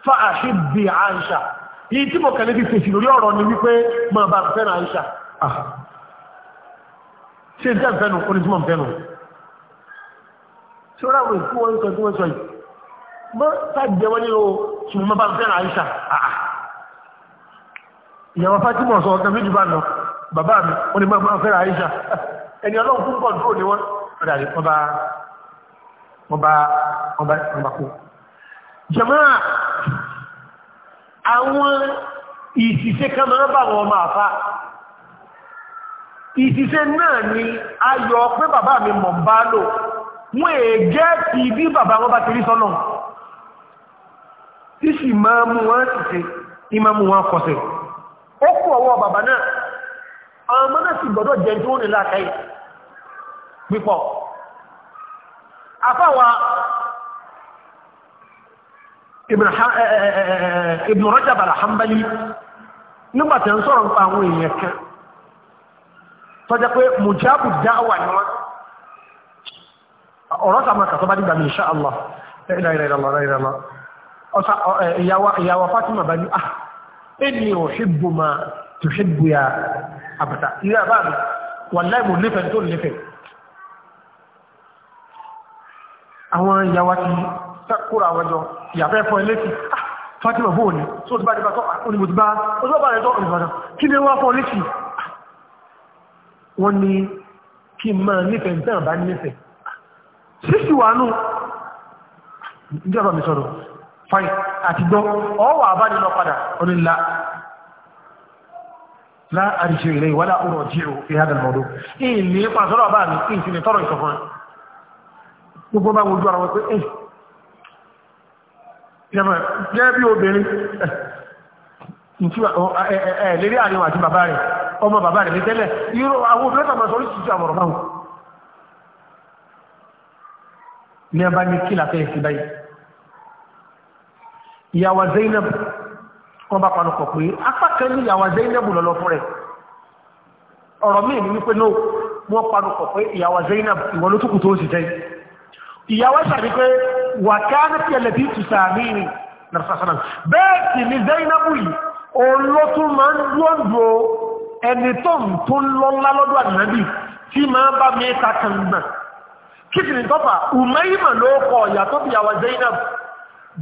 fa àṣìbì àṣà yìí tí mo kẹ̀lé fi fèsì lórí ọ̀rọ̀ ni wípé máa bá fẹ́ràn àṣà ah. ṣe jẹ́ ìfẹ́nu ó ní tí mo ń fẹ́nu ṣọ́ra ìfúwọ́n sọ ṣùgbọ́n bá ń fẹ́ràn àyíṣà àà ah, ah. ìyàwó fátímọ̀ sọ ọ̀gá méjì bá lọ bàbá mi wọ́n ni máa máa fẹ́ràn àyíṣà ẹni ọlọ́run fún kọ̀ǹtró ni wọ́n padà rí wọ́n bá wọ́n bá wọ́n bá wọ́n bá kú. jẹ̀mọ́ àwọn ìṣiṣẹ́ kan máa ń bá wọn máa fa ìṣiṣẹ́ náà ni ayọ̀ pé bàbá mi mọ̀ ń bá lò wọ́n èé gẹ́ẹ̀tì bí bàbá wọn bá ti rí sọ́nà tí sì máa mú wọn títí ìmá mú wọn kọsẹ̀ ó kú ọwọ́ bàbá náà ọmọ náà sì gbọ́dọ̀ jẹ tó ní pípọ̀ eh, eh, eh, Ibn Rajab al-Hanbali ń sọ̀rọ̀ nípa àwọn èèyàn kan tọ́jà pé mujabu dáwà ni ọ̀rọ̀ sàmà kàtọ́ Allah ìyàwó Fatima bá ah ẹni ò ṣíbù ma tó ṣíbù ya àbàtà ìyá bá mi wà láìmù nífẹ̀ẹ́ tó nífẹ̀ẹ́ àwọn ìyàwó ti kúrò àwọn jọ ìyàfẹ́ fún ilé ti ah Fatima bóò ni tó ti bá ah, ti bá tọ́ onímọ̀ ti bá ojú bá rẹ̀ tọ́ ìbàdàn kí ni wọ́n fọ́ létí wọ́n ní kí máa nífẹ̀ẹ́ tán bá nífẹ̀ẹ́ sísì wà ìjọba mi sọ̀rọ̀ fine àti gbọ́ ọwọ́ àbánilọ padà onílá lá àríṣẹ́ ilẹ̀ ìwádà ọ̀rọ̀ jíò ìhádàlmọ́dó ìní pàṣọ́rọ̀ bá mi kí n sì ní tọ́rọ gbogbo bá wojú ara wọn pé ẹ̀ eh. jẹ́ bí obìnrin eh, lérí àríwá àti bàbá ọmọ bàbá rẹ̀ tẹ́lẹ̀ irú àwọn obìnrin báwọn ni a báyìí ìyàwó Zainab wọ́n bá panukọ̀ pé apá kan ní ìyàwó Zainab lọ́lọ́ fún rẹ̀ ọ̀rọ̀ míì ní wípé náà wọ́n panukọ̀ pé ìyàwó Zainab ìwọ ló túkù tó sì jẹ́ ìyàwó sàbí pé wà ká ní pẹ̀lẹ̀ bí tù sàmì ní nàfàsánà bẹ́ẹ̀ sì ni Zainab yìí olótún máa ń lọ́dọ̀ ẹni tó ń tó lọ́lá lọ́dọ̀ ànábì tí máa bá mi ta kan náà kí sì ní tọ́fà ùmẹ́yìmọ̀ ló kọ ìyàtọ̀ ìyàwó Zainab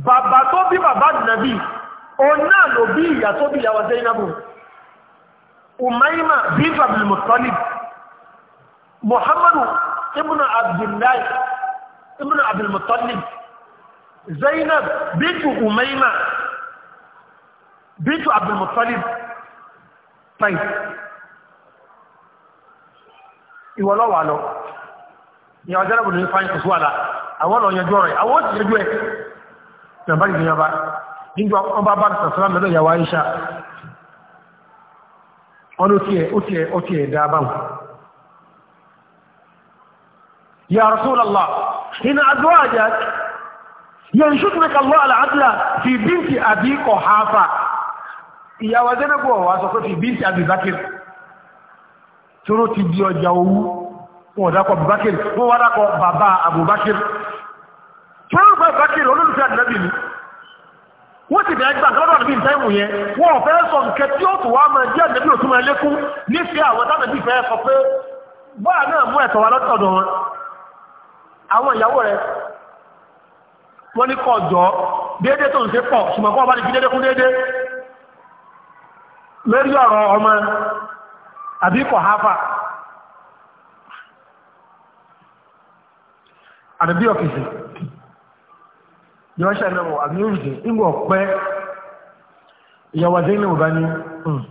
bàbá tó bí bàbá nàbí òun náà ló bí ìyá tó bí ìyàwó Zainabu umaima bíbà abdulmutalib muhammadu ibnu abdullahi ibnu abdulmutalib zainab bíbù umaima bíbù abdulmutalib fain ìwọlọ́wà lọ ìyàwó Zainabu ní fain kò sí wàhálà àwọn ọ̀nà yanjú àwọn ò sì nàbá ìgbìyàn bá nígbà wọn bá bá sàṣọ́lá lọ́dọ̀ ìyàwó àyíṣà wọn ló tiẹ̀ ó tiẹ̀ ó tiẹ̀ dá báwọn. ya Rasulullah inna azwajak yanshudunaka Allah al-adla fi bíntì Abi Quhafa ìyàwó Zainabu wà sọ pé fi bíntì Abi Bakr tó ti di ọjà owó wọn dákọ̀ bàbá Abubakar Bakir olólùfẹ́ ànábì ni wọ́n sì bẹ̀rẹ̀ gbà lọ́dọ̀ àbí ìtẹ́wù yẹn wọ́n ò fẹ́ sọ nǹkẹ́ tí ó tún wá máa jẹ́ ànábì òtún máa lékún nífẹ̀ẹ́ àwọn tánàbì fẹ́ sọ pé báà náà mú ẹ̀tọ́ wa lọ́tọ̀dọ̀ wọn àwọn ìyàwó rẹ̀ wọ́n ní kọ́ jọ déédéé tó ń ṣe pọ̀ ṣùgbọ́n kọ́ ọba ní fi déédéé kún déédéé lórí ọ̀rọ̀ ọmọ àbí kọ̀ háfà àdàbí ọ̀fìsì yọ́ṣà náà wà ní ìrìndì ìgbọ̀ pẹ́ ìyàwó àdéhùn náà bá ní hmm,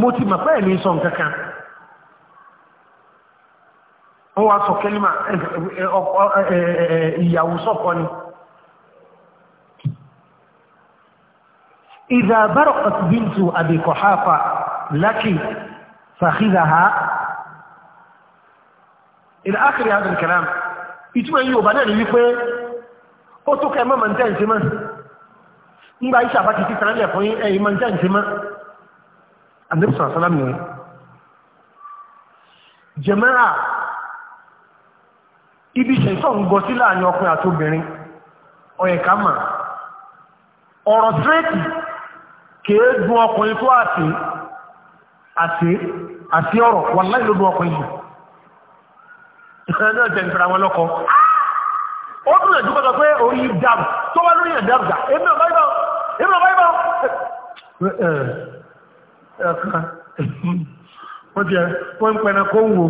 mo ti mọ̀ pẹ́ẹ̀ ní sọ nǹkan kan wọ́n wá sọ kẹ́límà ìyàwó sọ́kọ ni ìdá barakat bintu Abi Quhafa laki fakhidaha ila akhir hadha al bá náà ní wípé ó tó kẹ́ mọ́ mọ̀ níta ìsinmọ́ ńgbà iṣẹ́ àbáti ti tàn lẹ̀ fún ẹ̀yìn mọ̀ níta ìsinmọ́ ànábì sọ̀rọ̀ sọ́lá mi jẹ̀mẹ́rà ibi ṣẹ̀tọ́ ń gọ sí láàrin ọkùnrin àti obìnrin ọ̀yẹ̀ ká mà ọ̀rọ̀ sírẹ́tì kèé dùn ọkùnrin tó àti àti àti ọ̀rọ̀ wà láì ló ọkùnrin jù náà ó tún nàìjú pẹ́sọ pé orí dàbù tó wá lórí ẹ̀dàbùdà èmi ọ̀bá ibà èmi ọ̀bá ibà ẹ̀ẹ̀kan wọ́n ti ẹ̀ wọ́n ń pẹ̀nà kó ń wo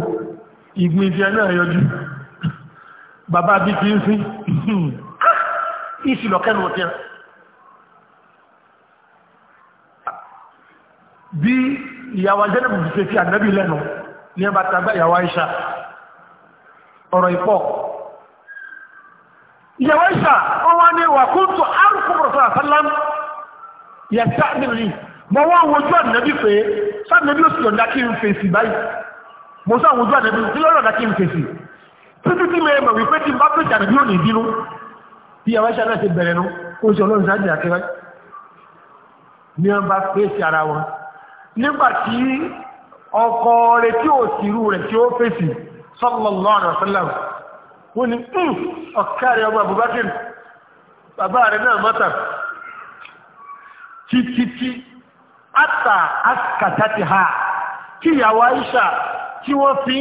ìgbìn ìfẹ́ náà yọjú bàbá bí ti ń sí ìsìlọ̀kẹ́nu ọ̀tí bí ìyàwó jẹ́nàbù fi ṣe sí ànábì lẹ́nu ní ẹbàtàgbà ìyàwó Àìṣà ọ̀rọ̀ ìpọ̀ ìyàwó ìṣà wọn wá ní wà kóńtò arúgbó rọ̀sọ̀ àsálám yẹ sá nílùú mo wá wojú ànábì pé sáà nàbí oṣù yọ̀ǹda kí n fèsì báyìí mo sọ àwọn ojú ànábì kí lọ́rọ̀ ọ̀dà kí n fèsì títí tí mẹ́rin mọ̀ wípé tí n bá pè jà nàbí òní bínú bí ìyàwó ìṣà náà ti bẹ̀rẹ̀ nu kó o ṣe ọlọ́run sáà jìyà kẹwàá ni wọn bá fèsì ara wọn nígbà tí ọkọ rẹ̀ tí ò sí irú rẹ̀ tí ó fèsì sallallahu alaihi wasallam wọ́n ni hmm, ọ̀kárẹ̀ ọmọ Abubakar bàbá rẹ̀ náà mọ́ta títítí àtà àkàtà ti ha kí ìyàwó Aisha tí wọ́n fi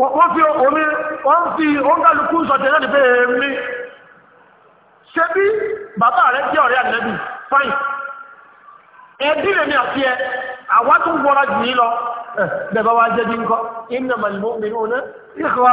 wọ́n fi omi wọ́n fi oúnkàlùkù sọ̀tẹ̀ náà nípe èmi ṣe bí bàbá rẹ̀ jẹ́ ọ̀rẹ́ ànẹ́bì fine ẹbí rẹ̀ ní àti ẹ àwọn tó ń gbọ́ra jù ní lọ bẹ̀bá wa jẹ́ bí ń kọ́ innamal mu'minuna ikhwa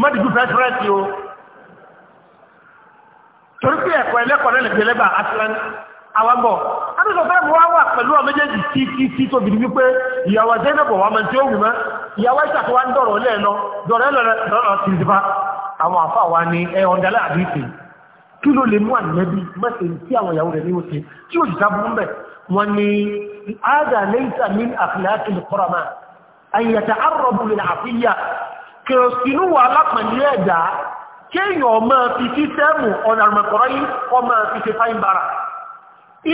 mọ́dìjú fẹ́sẹ̀rẹ́sì o torí pé ẹ̀kọ́ ẹlẹ́kọ̀ọ́ náà lẹ́gbẹ̀ẹ́ lẹ́gbà aslan awambo adúgbò fẹ́ mú wá wà pẹ̀lú àwọn méjèèjì tí tí tí tóbi ní wípé ìyàwó Zainab wà mọ̀ tí ó wù mọ́ ìyàwó ìṣà tó wá ń dọ̀rọ̀ lẹ́ẹ̀ lọ dọ̀rọ̀ lọ́rọ̀ lọ́rọ̀ sí ìdíbà àwọn àfa wa ni ẹ ọ̀dàlẹ́ àdìsí kí ló lè mú ànẹ́bí mẹ́sẹ̀ tí àwọn ìyàwó rẹ̀ ní ó ṣe tí ó jìta bú mẹ́ wọn ni ága lẹ́yìn àmì àfìlẹ́ àti kọ́ra máa àyẹ̀tà àrọ̀bù lè àfíyà kèròsínú wà lápẹ̀lẹ́ ẹ̀dá kéèyàn ọmọ fi sísẹ́mù ọ̀nà àrùmọ̀kọ̀rọ̀ yìí ọmọ fi ṣe fáyín bara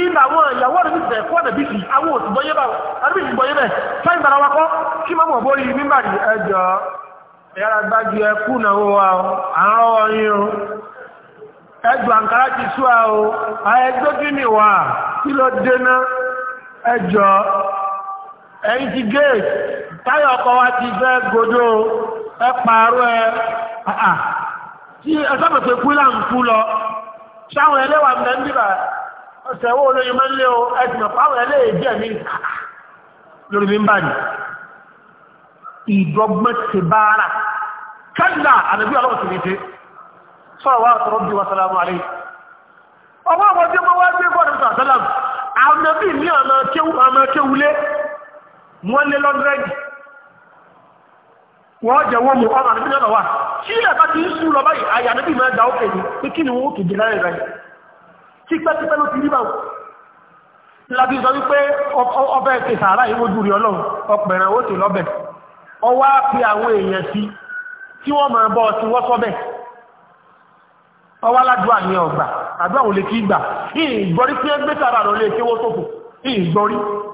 ilẹ̀ àwọn ìyàwó rẹ̀ nígbà ẹ̀kọ́ ọ̀nà bíbí àwọn òtù bọ́yé bá àbí ìlú bọ́yé bẹ́ẹ̀ fáyín bara wakọ́ kí mọ́mọ́ bó rí mímbà ní ẹjọ́ ẹ̀yára gbájú ẹkú náà wà ó àárọ̀ yín o ẹjọ́ àǹkárá ti sú wa o àẹgbẹ́ kí ni wà kí ló dé ná ẹjọ́ ẹ̀yìn ti géètì táyà ọkọ̀ wa ti fẹ́ godó ẹ pààrọ̀ ẹ tí ẹsọ́pẹ̀pẹ̀ kú là ń kú lọ sáwọn ẹlẹ́wà mẹ́ ń bíbà ọ̀sẹ̀ wo olóyin máa ń lé o ẹ̀sìn ọ̀pọ̀ àwọn ẹlẹ́yẹ jẹ́ mi lórí mi ń bà ní. ìdọ́gbọ́n ti bára kẹ́ńdà àdàbí ọlọ́wọ́ sì ní ṣe sọ̀rọ̀ wa sọ̀rọ̀ bí wa sálámù àlẹ́ ọmọ ọmọdé mọ́ wá gbé bọ́ọ̀dù sàtẹ́lẹ̀ àwọn ẹbí mi ọ̀nà kéwulé wọ́n lé lọ́ndrẹ́dì wọ́n ụmụ wọ́n mú ọmọ àti bílẹ̀ wà tí ilẹ̀ bá ti ń sú lọ báyìí àyà níbi ìmọ̀ ẹ̀dà òkè ní pé kí ni wọ́n tó jẹ láyé rẹ̀ tí pẹ́tipẹ́ ló ti rí báwọn lábí sọ wípé ọbẹ̀ ti sàárà ọlọ́run ọpẹ̀rẹ̀ ó ti lọ́bẹ̀ ọwá pe àwọn èèyàn sí tí wọ́n máa bọ́ wọ́n sọ́bẹ̀ ọwá ládùá ní ọgbà àdúrà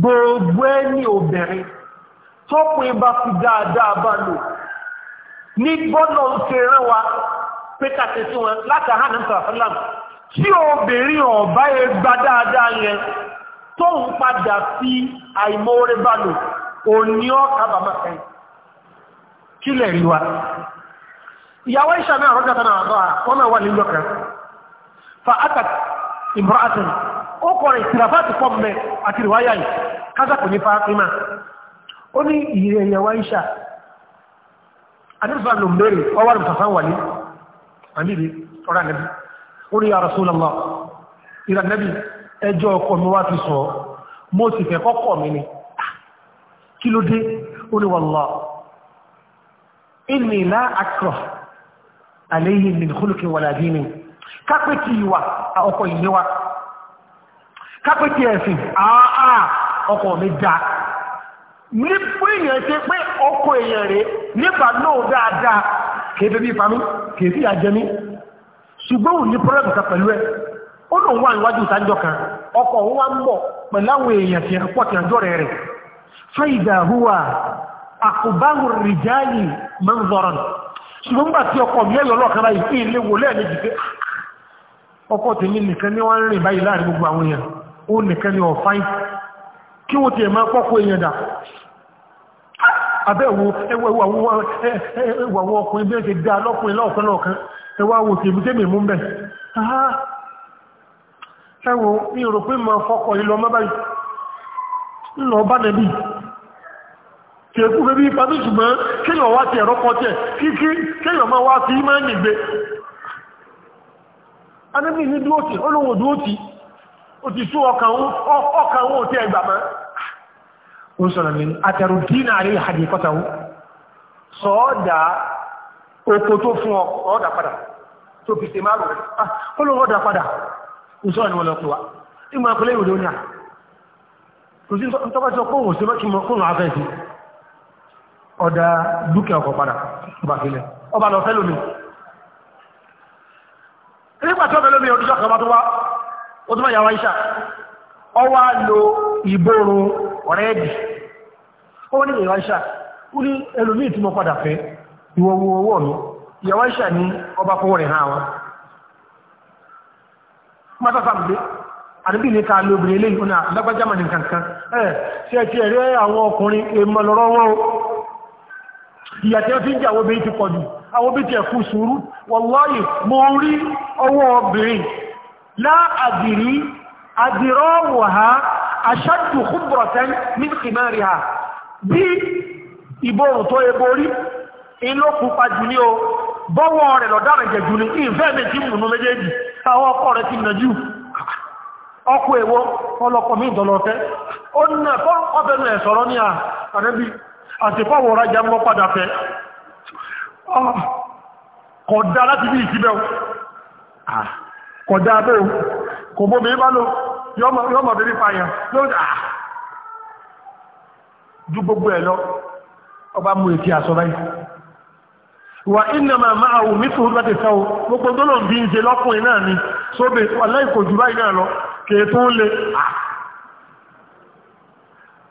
gbogbo ẹni obìnrin tọ́pin bá fi dáadáa bá lò ní gbọ́dọ̀ ṣe rán wa pé kàṣẹ sí wọn látàhà ní sàfẹ́làm tí obìnrin ọ̀bá yẹn gba dáadáa yẹn tóun padà fi àìmọ́ọ́rẹ́ bá lò òní ọ̀ka bàbá kan kí lè rí wa. ìyàwó ìṣàmì àrọ́jà tán àwọn àbá náà wà nílò fa ó kọ̀rọ̀ ìsìràfà ti pọ̀ mẹ́ àti ìwáyà yìí kásàkù ní Fátímà ó ní ìrẹ̀ ìyàwó Àìṣà àdínsà ló mẹ́rin ọwọ́ ìfàfà wà ní àmìrí ọ̀rọ̀ ànẹ́bí ó ní ya Rasulullah ìrànẹ́bí ẹjọ́ ọkọ̀ mi wá ti sọ mo sì fẹ́ kọ́kọ́ mi ni kí ló kápẹ́tì ẹ̀sìn àá ọkọ̀ mi da ní pé èèyàn ṣe pé ọkọ̀ èèyàn rẹ̀ nípa náà dáadáa kìí bẹ́bí ìpamí kìí sí àjẹmí ṣùgbọ́n òní pọ́lọ́dù kan pẹ̀lú ẹ̀ ó lòun wà níwájú ìtajọ́ kan ọkọ̀ òun wá ń bọ̀ pẹ̀lú àwọn èèyàn tí ẹ̀pọ̀ tí àjọ rẹ̀ rẹ̀ fẹ́ ìdàhúwà àkùbáwò rìjáàlì mẹ́ńzọ́rọ̀n ṣùgbọ́n nígbà tí ọkọ̀ mi ẹ̀yọ́ lọ́ọ̀kan báyìí ilé wò lẹ́ẹ̀mejì pé ah, ọkọ̀ tèmi nìkan ni wọ́n ń rìn báyìí láàrin gbogbo àwọn èèyàn ó nìkan ni ọ̀fáì kí wọ́n ti ẹ̀mọ́ pọ́kú èèyàn dà abẹ́wò ọkùnrin bí ti dá lọ́kùnrin lọ́ọ̀kan lọ́ọ̀kan mú ma bẹ́bí ipa ṣùgbọ́n kéèyàn wá ti ẹ̀rọ pọ́tẹ̀ kíkí kéèyàn máa wá sí anẹ́bí ní dúótì dúótì o ti tú wọn ò ẹgbà mọ́ ó sọ̀rọ̀ mi àtẹ̀rù dínà rí àdì kọ́ta wọn sọ́ọ́dà oko tó fún ọ̀ọ́dà padà tó fi ṣe márùn rẹ̀ ah, ó ló ọ̀dà padà ó sọ̀rọ̀ ni wọ́n lọ pè wá ìmọ̀ akọlẹ́ ìròdó ní à kò sí tọ́pá tí ọkọ̀ sí mọ́ kí mọ́ kó lọ afẹ́ sí ọ̀dà dúkìá ọkọ̀ padà ọba lọ fẹ́ lómi ó túnbọ̀ yàwó Aisha ọ wá lo ìborun ọ̀rẹ́ẹ̀dì ó ní ìyàwó Aisha ó ní ẹlòmíì tí padà fẹ́ ìwọ wo owó mi ní ọba kọwọ́ rẹ̀ hàn wọn mọ́tàfà gbé àdúgbì ní ká lo obìnrin eléyìí kankan ẹ̀ tí ẹ ti ẹ̀rí àwọn ọkùnrin èèmọ̀ lọ́rọ́ wọn o ìyà tí ó fi ń jẹ́ لا أدري أدراوها أشد خبرة من خمارها بي ìborùn tó eborí inú pupa jù ní o bọ́wọ́ rẹ̀ lọ́dáràn jẹ̀jù ní ìfẹ́ mi tí múnú méjèèjì àwọn ọkọ rẹ̀ ti nàjú ọkọ èwo ọlọ́kọ̀ mi ó ọbẹ̀nu ẹ̀ sọ̀rọ̀ ní àrẹ́bí rájá mọ́ padà fẹ́ ah, láti bí kọjá bó kò bó bèé bá lò yọmọ a. bèbí fàyàn lórí ju gbogbo ẹ̀ lọ ọba mú ètí àsọ báyìí wà iná máa máa wù mí fún láti sọ gbogbo dọ́lọ̀ bí ń ṣe lọ́kùnrin náà ni sóbè jù báyìí náà lọ kèé tó ń le à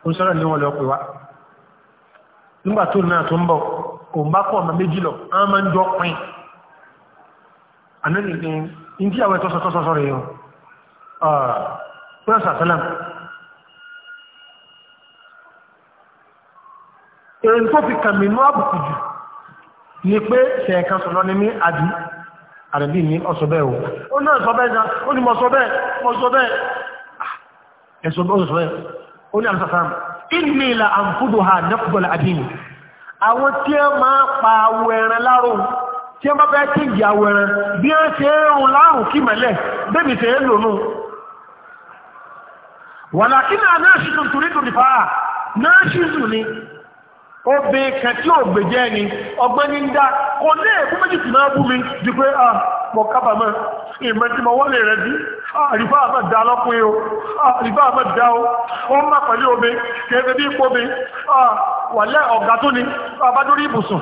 ń sọ́rọ̀ ní wọn lọ pè lọ àwọn máa ń jọ pin ìdí àwọn ẹ̀tọ́ sọ́sọ́sọ́ rẹ̀ yóò pẹ́sà sẹ́lẹ̀ èyí tó fi kàmì ní àbùkù jù ní pé ṣẹ̀ẹ̀kan sọ̀rọ̀ ní àdí àrẹ̀bí ní ọ̀sọ̀bẹ́ ò ó náà sọ́bẹ́ ẹ̀dá ó ní mọ̀sọ̀bẹ́ mọ̀sọ̀bẹ́ ah, ẹ̀sọ̀bẹ́ ó ní àmìsàsàm ìní ìlà àǹfúdò ha nẹ́kùgbọ̀lá tí wọ́n bá fẹ́ kí ìyàwó ẹran bí ó ṣe ń láhùn kí mẹ́lẹ̀ bébì tẹ́ lónú wàlàkínà náà ṣì tún torí tòrí fàá náà ṣì tún ni obìn kan tí ò gbèjẹ́ ni ọgbẹ́ ní ń dá kò ní èkú méjì tí máa bú mi ju pé a pọ̀ kábàámọ̀ ìmọ̀ tí mo wọlé rẹ̀ bí àrífà àmọ́ da lọ́kùnrin o àrífà àmọ́ da o ó má pẹ̀lú obìn kẹ́ẹ̀ẹ́ bí ipò wà lẹ́ ọ̀gá tó ni abádórí ibùsùn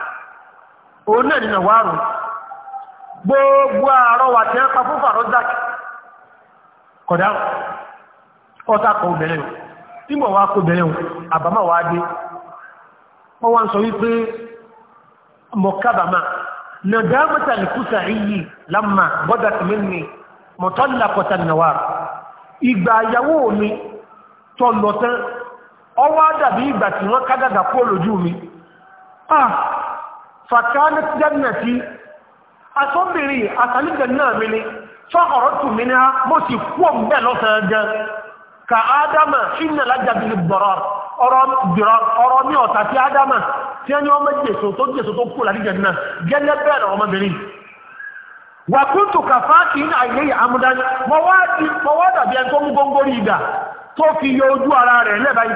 òun náà nínú wàrùn gbogbo àárọ̀ wà tí wọ́n pa fún Farodak kọ̀dá ọ̀tá kọ obìnrin o nígbà wa kọ obìnrin o àbámọ̀ wa dé wọ́n wá ń sọ wípé mọ̀kábàmà nàdámọ́tà nìkúsà iyì lámà bọ́dà tìmínì mọ̀tọ́lá kọta nàwà ìgbà àyàwó mi tọ̀lọ̀tán ọwọ́ dàbí ìgbà tí wọ́n ká kó lójú mi ah! فكانت جنتي أصبري أصلي جنة مني فخرجت منها موسي قوم بلو سجن كآدم إن لجا بالضرار أرام ضرار أرامي أتاتي آدم تاني يوم جيسو تو جيسو تو كل هذه جنة جنة بلو أما بني وكنت كفاك إن عيني أمدا مواد مواد بيان تو مغنغوري دا تو في يوجو على رأي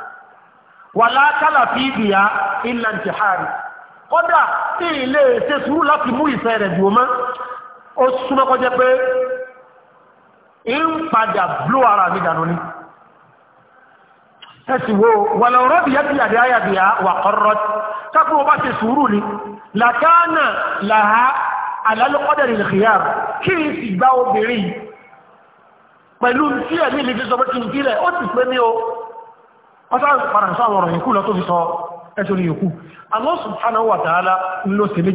wàlá kálà fi ìdìyà ìlà ìjìhárì kódà tí ilé ṣe sùúrù láti mú ìfẹ́ rẹ̀ dùn mọ́ ó súnmọ́ kọjá pé ń padà bló ara mi dànù ni ẹ̀sìn wo wàlá ọ̀rọ̀ bìyà bìyà bìyà bìyà bìyà wà kọ́rọ́ kápẹ́ wọn bá ṣe sùúrù ni làkánà làhá àlálọ́kọ́dà ní ìlẹ̀kìyà kí n sì gbá obìnrin pẹ̀lú tí ẹ̀mí lè fi sọ pé kí n kílẹ̀ ó sì pé ní o ọjọ́ àpàrà sọ àwọn ọ̀rọ̀ yòókù tó fi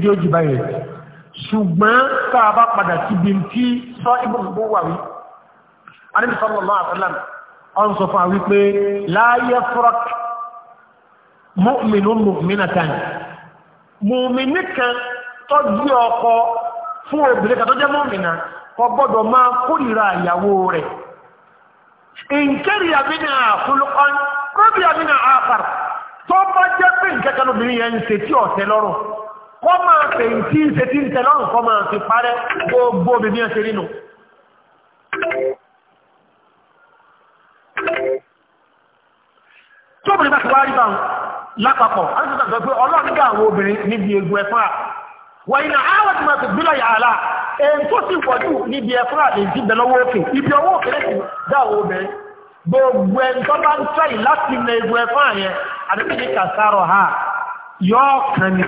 sọ ṣùgbọ́n tá a bá padà ti bí n tí sọ ibùdó wà wí Ànábì sallallahu alaihi wasallam sọ ọkọ fún obìnrin kan tó jẹ́ mọ́mìnà gbọ́dọ̀ máa kórìíra ìyàwó rẹ̀ rọ́bì àmìnà àfàr tó bá jẹ́ pé nkẹ́kẹ́ lóbìnrin yẹn ń ṣe tí ọ̀tẹ́ lọ́rùn kọ́ máa fẹ̀ ń tí ń ṣe tí ń tẹ lọ́rùn kọ́ máa fi parẹ́ gbogbo obìnrin yẹn ṣe nínú. tóbìnrin bá ti wá rí bá wọn lápapọ̀ á pé ọlọ́run dá àwọn obìnrin níbi egun ẹ̀fọ́ à wọ̀nyí na àwọn tí wọ́n ti gbúlọ̀ yàrá èyí tó sì wọ̀dù níbi ẹ̀fọ́ à lè jí bẹ̀ lọ́wọ́ òkè ibi ọwọ́ òkè lẹ́sìn dá àwọn obìnrin gbogbo ẹni tó bá ń tẹ́yìn láti na egbò ẹ̀fọ́ àyẹn àdébìnrin kàṣàrọ̀ ha yọ ọ̀kan ni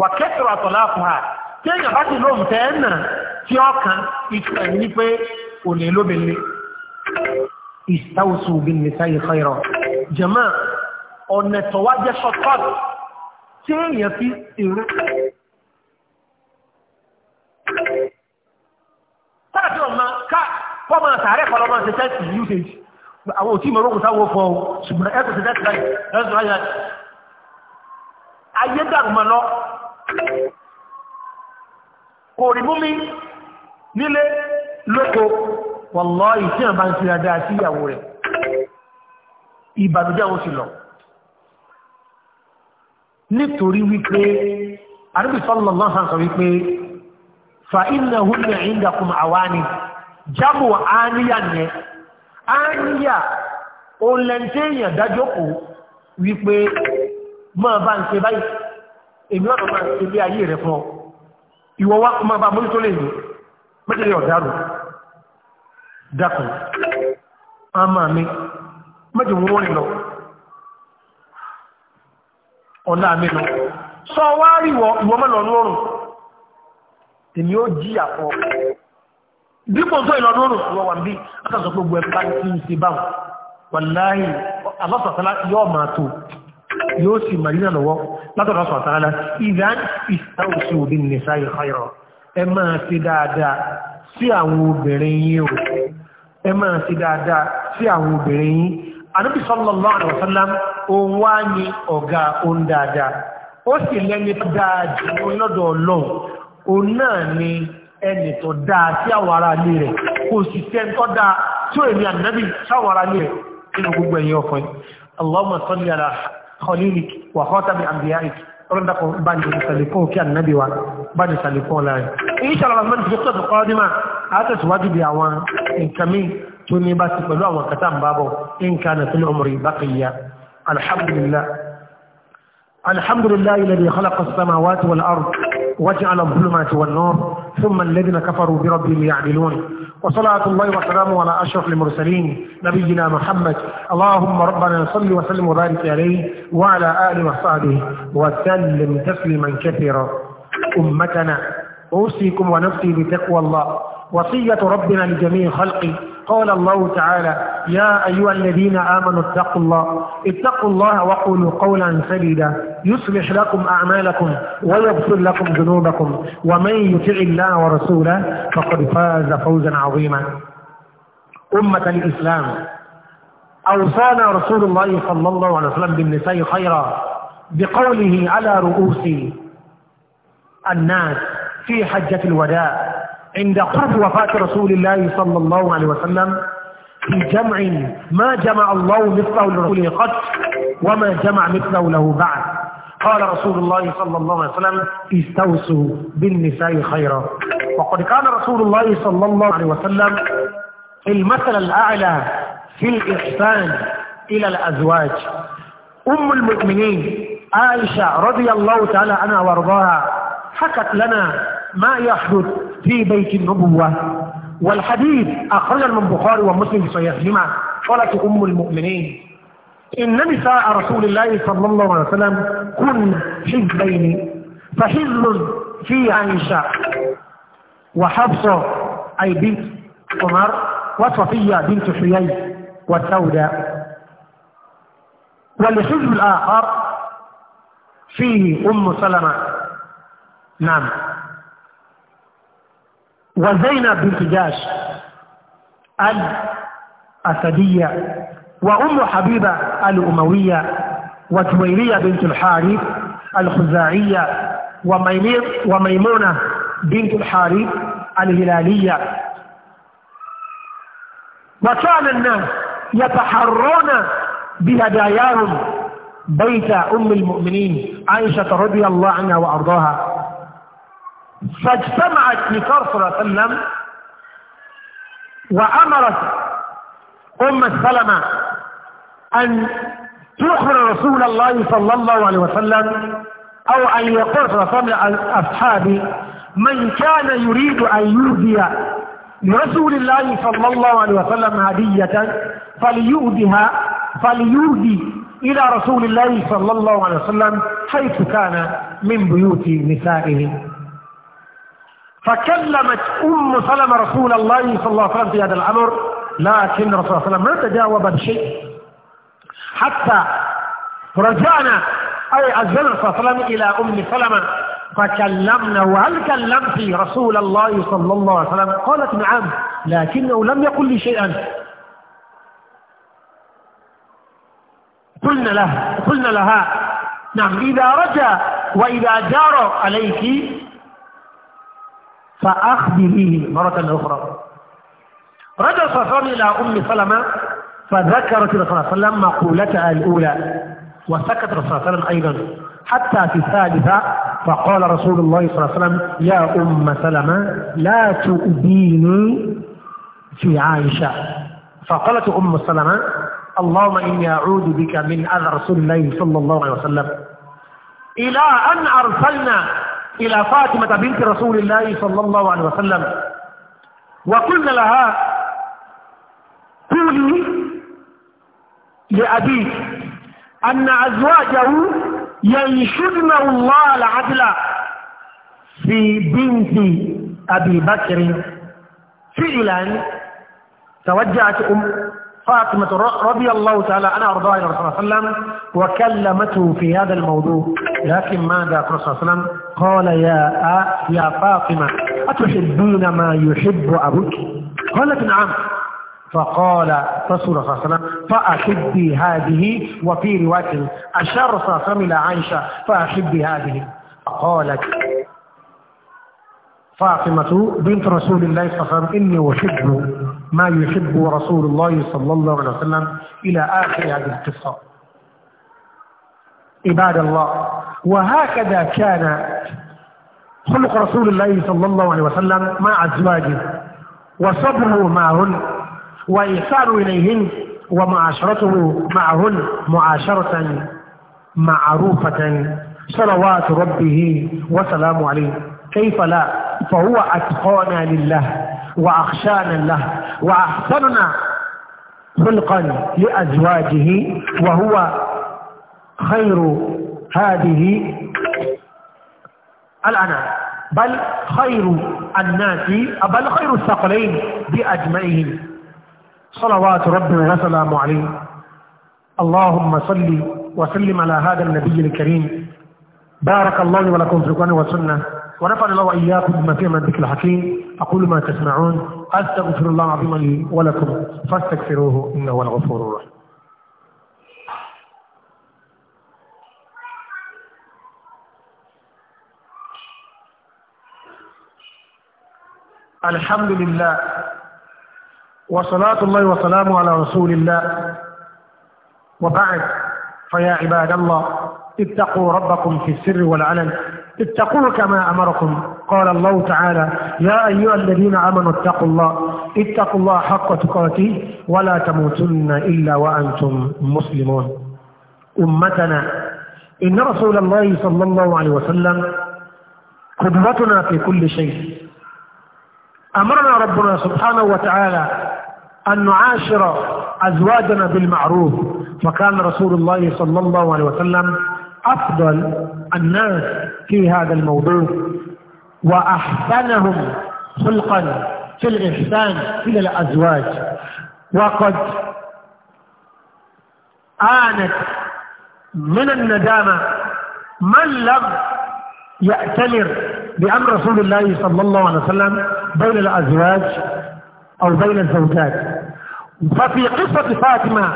wà kẹ́sìrọ̀ àtọ̀lá fún ha tí èèyàn bá ti lóhùn tẹ́ ẹ̀nà tí ọ̀kan ìtura yìí ni pé kò lè lóbìnrin ìsáwùsù bí nìsa yìí fẹ́ràn jẹ̀mọ́ ọ̀nà tọ́wájẹ́ shortcut tí èèyàn fi èrò táàbí ọ̀ma ká fọ́ọ̀mù àtàrẹ́ kọ́lọ́mọ́ ṣe tẹ́sì usage àwọn òtí mọ̀rọ̀ kùtà wọ́n fọ́ ṣùgbọ́n ẹ̀kùn ti dẹ́kùn láì lọ́sùn ayé dàgbọ́n lọ kò rí mú mi nílé lóko wọ̀lọ́ ìtí àbá ń tira dáa sí ìyàwó rẹ̀ ìbànújẹ́ òun sì lọ nítorí wípé àdúgbò fa jábù àníyàn yẹn áníyà òǹlẹ̀ntẹ́yìn dájókòó wípé máa bá ń ṣe báyìí èmi ọ̀nà máa ṣe bí ayé rẹ̀ fún ọ ìwọ wá máa bá mójútó lè ní mẹ́tẹ̀lẹ̀ ọ̀dárò dákùn àmà mi mẹ́tẹ̀ wọ́n rìn lọ ọ̀nà mi lọ sọ wá ríwọ ìwọ mẹ́lọ̀ ọ̀rùn èmi ó jí àpọ̀ dípò tó ìlọ́dún òrùn ìwọ wà bí akásọ pé gbogbo ẹ̀ka ti ń ṣe báwọn wàláyé alọ́sọ̀tàlá yóò máa tó yóò sì màrínà lọ́wọ́ látọ̀dọ̀ sọ̀tàlá ìdá ìsáwòsí òbí nìsa ìkọyọ̀ ẹ máa ṣe dáadáa sí àwọn obìnrin yín o ẹ máa ṣe dáadáa sí àwọn obìnrin yín anábì sallallahu alaihi wasallam òun wá ní ọ̀gá òun dáadáa ó sì lẹ́ni dáadáa lọ́dọ̀ ọlọ́run òun náà ẹni tó dáa tí àwọn ará ilé rẹ̀ kò sì tẹ́ tó dáa tí ó èmi ànábì sáwọn ará ilé rẹ̀ nínú gbogbo ẹ̀yìn ọ̀fọ̀ yìí allahumma salli ala khalilik wa khatami anbiyaik ọlọ́dàkọ̀ bá ní ìsàlẹ̀kọ́ kí ànábì wa bá ní ìsàlẹ̀kọ́ láàrin èyí ṣàlọ́ àwọn ọmọdé tó tó kọ́rọ́ dímà àátẹ̀síwájú bí àwọn nǹkan míì tó ní bá ti pẹ̀lú àwọn kàtà ń bábọ̀ nǹkan àti ní ọmọ rẹ̀ bá kìíyà alhamdulillah alhamdulillah alladhi khalaqa as-samawati وجعل الظلمات والنور ثم الذين كفروا بربهم يعدلون وصلاة الله وسلامه على أشرف المرسلين نبينا محمد اللهم ربنا صل وسلم وبارك عليه وعلى آله وصحبه وسلم تسليما كثيرا أمتنا أوصيكم ونفسي بتقوى الله وصية ربنا لجميع خلقه قال الله تعالى يا أيها الذين آمنوا اتقوا الله اتقوا الله وقولوا قولا سديدا يصلح لكم أعمالكم ويغفر لكم ذنوبكم ومن يطع الله ورسوله فقد فاز فوزا عظيما أمة الإسلام أوصانا رسول الله صلى الله عليه وسلم بالنساء خيرا بقوله على رؤوس الناس في حجة الوداع عند قرب وفاة رسول الله صلى الله عليه وسلم في جمع ما جمع الله مثله لرسوله قط وما جمع مثله له بعد قال رسول الله صلى الله عليه وسلم استوسوا بالنساء خيرا وقد كان رسول الله صلى الله عليه وسلم المثل الأعلى في الإحسان إلى الأزواج أم المؤمنين عائشة رضي الله تعالى عنها وارضاها حكت لنا ما يحدث في بيت النبوة والحديث أخرج من بخاري ومسلم بصيحهما قالت أم المؤمنين إن نساء رسول الله صلى الله عليه وسلم كن حزبين فحزب في عائشة وحفصة أي بنت عمر وصفية بنت حيي والسوداء والحزب الآخر فيه أم سلمة نعم وزينب بنت جاش الأسدية وأم حبيبة الأموية وجويرية بنت الحارث الخزاعية وميمونة بنت الحارث الهلالية وكان الناس يتحرون بهداياهم بيت أم المؤمنين عائشة رضي الله عنها وأرضاها فاجتمعت لكار صلى الله عليه وسلم وأمرت أم السلمة أن تخبر رسول الله صلى الله عليه وسلم أو أن يقول صلى الله عليه وسلم أصحابي من كان يريد أن يؤذي لرسول الله صلى الله عليه وسلم هدية فليؤذها فليؤذي إلى رسول الله صلى الله عليه وسلم حيث كان من بيوت نسائه فكلمت أم سلمة رسول الله صلى الله عليه وسلم في هذا الأمر لكن رسول الله صلى الله عليه وسلم ما تجاوب بشيء حتى رجعنا أي أزلنا صلى الله عليه وسلم إلى أم سلمة فكلمنا وهل كلمت رسول الله صلى الله عليه وسلم قالت نعم لكنه لم يقل لي شيئا قلنا له قلنا لها نعم إذا رجع وإذا جار عليك فأخبريه مرة أخرى رجع صلى إلى أم سلمة فذكرت رسول الله صلى الله عليه وسلم مقولتها الأولى وسكت رسول الله صلى الله عليه وسلم أيضا حتى في الثالثة فقال رسول الله صلى الله عليه وسلم يا أم سلمة لا تؤذيني في عائشة فقالت أم سلمة اللهم إني أعوذ بك من أذى رسول الله صلى الله عليه وسلم إلى أن أرسلنا إلى فاطمة بنت رسول الله صلى الله عليه وسلم وقلنا لها قولي لأبيك أن أزواجه ينشدن الله العدل في بنت أبي بكر فعلا توجهت أم فاطمة رضي الله تعالى عنها أرضاها إلى الرسول صلى الله عليه وسلم وكلمته في هذا الموضوع لكن ماذا قال صلى الله عليه وسلم قال يا يا فاطمة أتحبين ما يحب أبوك قالت نعم فقال رسول الله صلى الله عليه وسلم فأحبي هذه وفي رواية أشار صلى الله عليه وسلم إلى عائشة فأحبي هذه قالت فاطمة بنت رسول الله صلى الله عليه وسلم إني أحب ما يحب رسول الله صلى الله عليه وسلم إلى آخر هذه القصة عباد الله وهكذا كان خلق رسول الله صلى الله عليه وسلم مع أزواجه وصبره معهن وإحسانه إليهن ومعاشرته معهن معاشرة معروفة صلوات ربه وسلام عليه كيف لا فهو أتقانا لله وأخشانا له وأحسننا خلقا لأزواجه وهو خير هذه الأنام بل خير الناس بل خير الثقلين بأجمعهم صلوات ربنا وسلامه عليه اللهم صل وسلم على هذا النبي الكريم بارك الله لي ولكم في القرآن والسنة ونفعل الله وإياكم بما فيه من ذكر الحكيم أقول ما تسمعون أستغفر الله العظيم لي ولكم فاستغفروه إنه هو الغفور الرحيم الحمد لله وصلاة الله وسلامه على رسول الله وبعد فيا عباد الله اتقوا ربكم في السر والعلن اتقوا كما أمركم قال الله تعالى يا أيها الذين آمنوا اتقوا الله اتقوا الله حق تقاته ولا تموتن إلا وأنتم مسلمون أمتنا إن رسول الله صلى الله عليه وسلم قدوتنا في كل شيء أمرنا ربنا سبحانه وتعالى أن نعاشر أزواجنا بالمعروف فكان رسول الله صلى الله عليه وسلم أفضل الناس في هذا الموضوع وأحسنهم خلقا في الإحسان إلى الأزواج وقد آنت من الندامة من لم يأتمر بأمر رسول الله صلى الله عليه وسلم بين الأزواج أو بين الزوجات ففي قصة فاطمة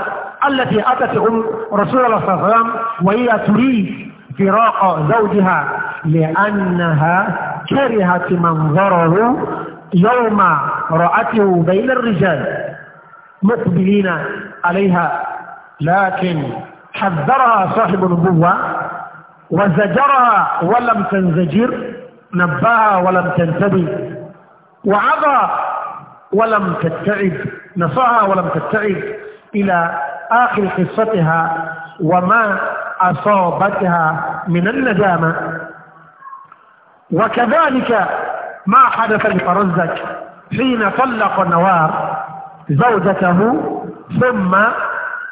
التي أتت أم رسول الله صلى الله عليه وسلم وهي تريد فراق زوجها لأنها كرهت منظره يوم رأته بين الرجال مقبلين عليها لكن حذرها صاحب النبوة وزجرها ولم تنزجر نبهها ولم تنتبه وعظى ولم تتعب نصعها ولم تتعب إلى آخر قصتها وما أصابتها من الندامة وكذلك ما حدث لفرزك حين طلق نوار زوجته ثم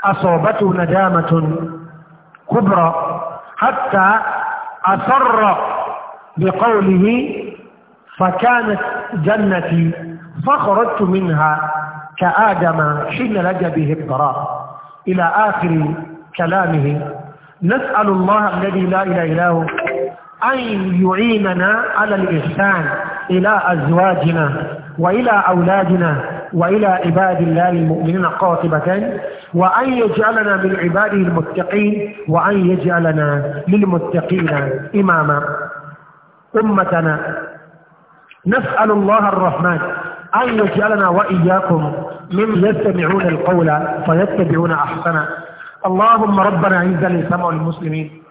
أصابته ندامة كبرى حتى أصر بقوله فكانت جنتي فخرجت منها كآدم حين لجى به الضراء إلى آخر كلامه نسأل الله الذي لا إله إلا هو أن يعيننا على الإحسان إلى أزواجنا وإلى أولادنا وإلى عباد الله المؤمنين قاطبة وأن يجعلنا من عباده المتقين وأن يجعلنا للمتقين إماما أمتنا نسأل الله الرحمن أن يجعلنا وإياكم ممن يستمعون القول فيتبعون أحسن اللهم ربنا عز لسمع المسلمين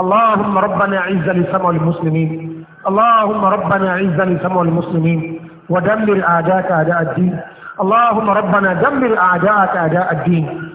اللهم ربنا عز لسمع المسلمين اللهم ربنا عز لسمع المسلمين ودمر أعداءك أعداء الدين اللهم ربنا دمر أعداءك أعداء الدين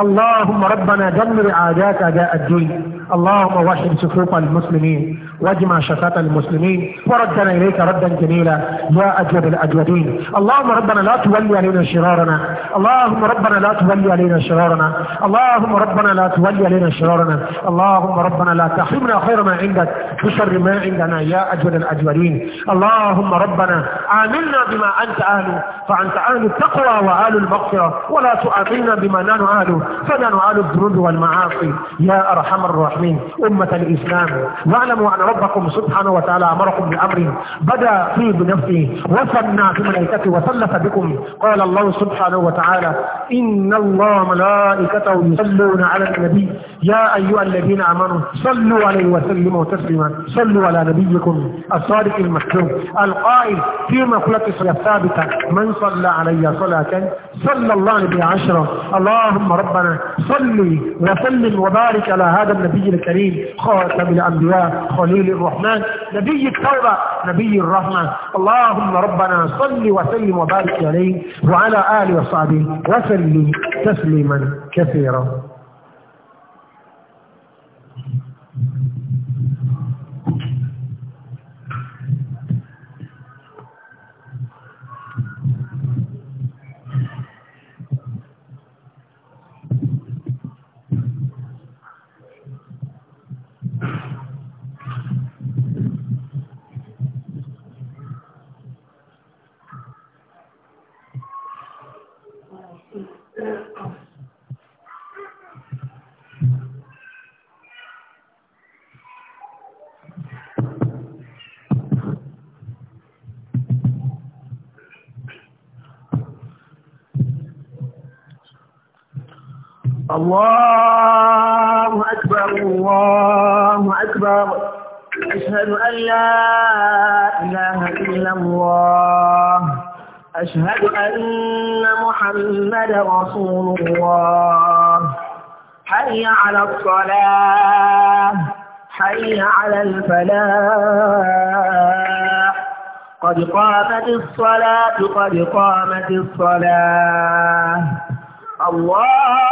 اللهم ربنا دمر أعداءك أعداء الدين اللهم وحد صفوف المسلمين واجمع شفاة المسلمين وردنا إليك ردا جميلا يا أجود الأجودين اللهم ربنا لا تولي علينا شرارنا اللهم ربنا لا تولي علينا شرارنا اللهم ربنا لا تولي علينا شرارنا اللهم ربنا لا تحرمنا خير ما عندك بشر ما عندنا يا أجود الأجودين اللهم ربنا آمنا بما أنت أهل فأنت أهل التقوى وأهل المغفرة ولا تؤمنا بما لا نعاله فلا نعال الذنوب والمعاصي يا أرحم الراحمين أمة الإسلام واعلموا أن ربكم سبحانه وتعالى أمركم بأمر بدأ فيه بنفسه وسنى في ملائكته وسلف بكم قال الله سبحانه وتعالى إن الله ملائكته يصلون على النبي يا أيها الذين آمنوا صلوا عليه وسلموا تسليما صلوا على نبيكم الصادق المكتوب القائل في مقولة الصلاة الثابتة من صلى علي صلاة صلى الله عليه عشرة اللهم ربنا صلي وسلم وبارك على هذا النبي الكريم خاتم الأنبياء خليل خليل الرحمن نبي التوبة نبي الرحمة اللهم ربنا صل وسلم وبارك عليه وعلى آله وصحبه وسلم تسليما كثيرا الله أكبر الله أكبر أشهد أن لا إله إلا الله أشهد أن محمد رسول الله حي على الصلاة حي على الفلاح قد قامت الصلاة قد قامت الصلاة الله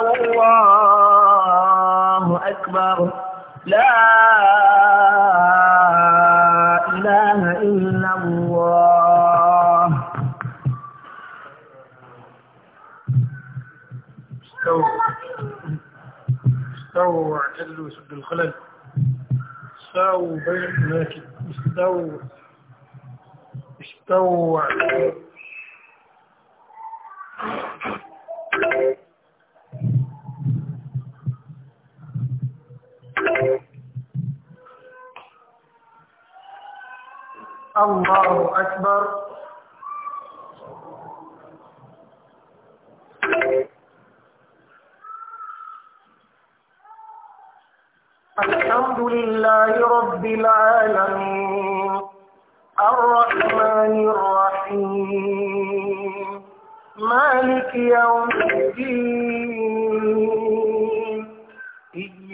الله أكبر لا إله إلا الله استوى استوى اعتدلوا سب الخلل استوى بين المناكب استوى استووا Thank you. الله أكبر الحمد لله رب العالمين الرحمن الرحيم مالك يوم الدين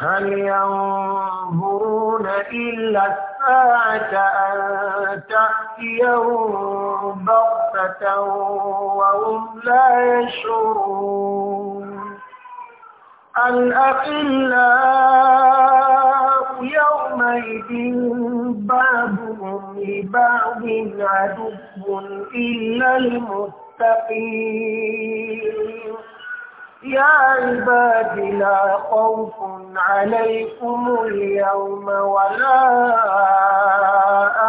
هل ينظرون إلا الساعة أن تأتيهم بغتة وهم لا يشعرون الأخلاء يومئذ بعضهم لبعض عدو إلا المتقين يا عباد لا خوف عليكم اليوم ولا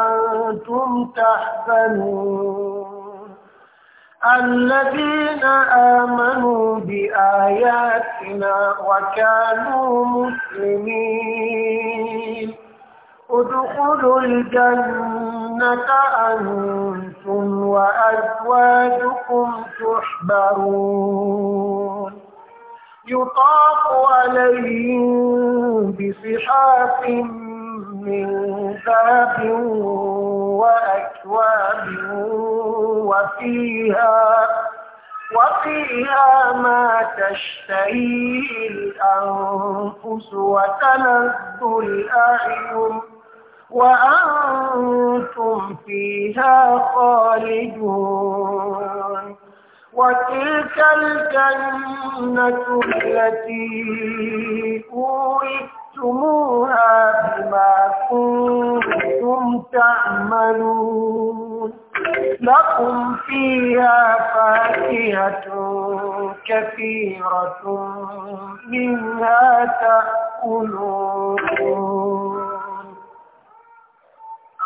أنتم تحزنون الذين آمنوا بآياتنا وكانوا مسلمين ادخلوا الجنة أنتم وأزواجكم تحبرون يطاف عليهم بصحاف من ذهب وأكواب وفيها وفيها ما تشتهي الأنفس وتلذ الأعين وأنتم فيها خالدون وتلك الجنة التي أورثتموها بما كنتم تعملون لكم فيها فاكهة كثيرة منها تأكلون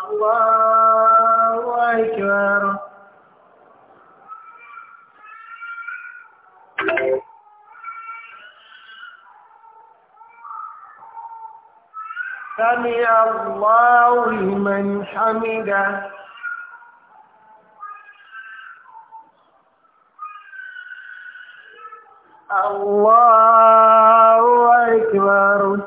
الله أكبر سمع الله لمن حمده الله أكبر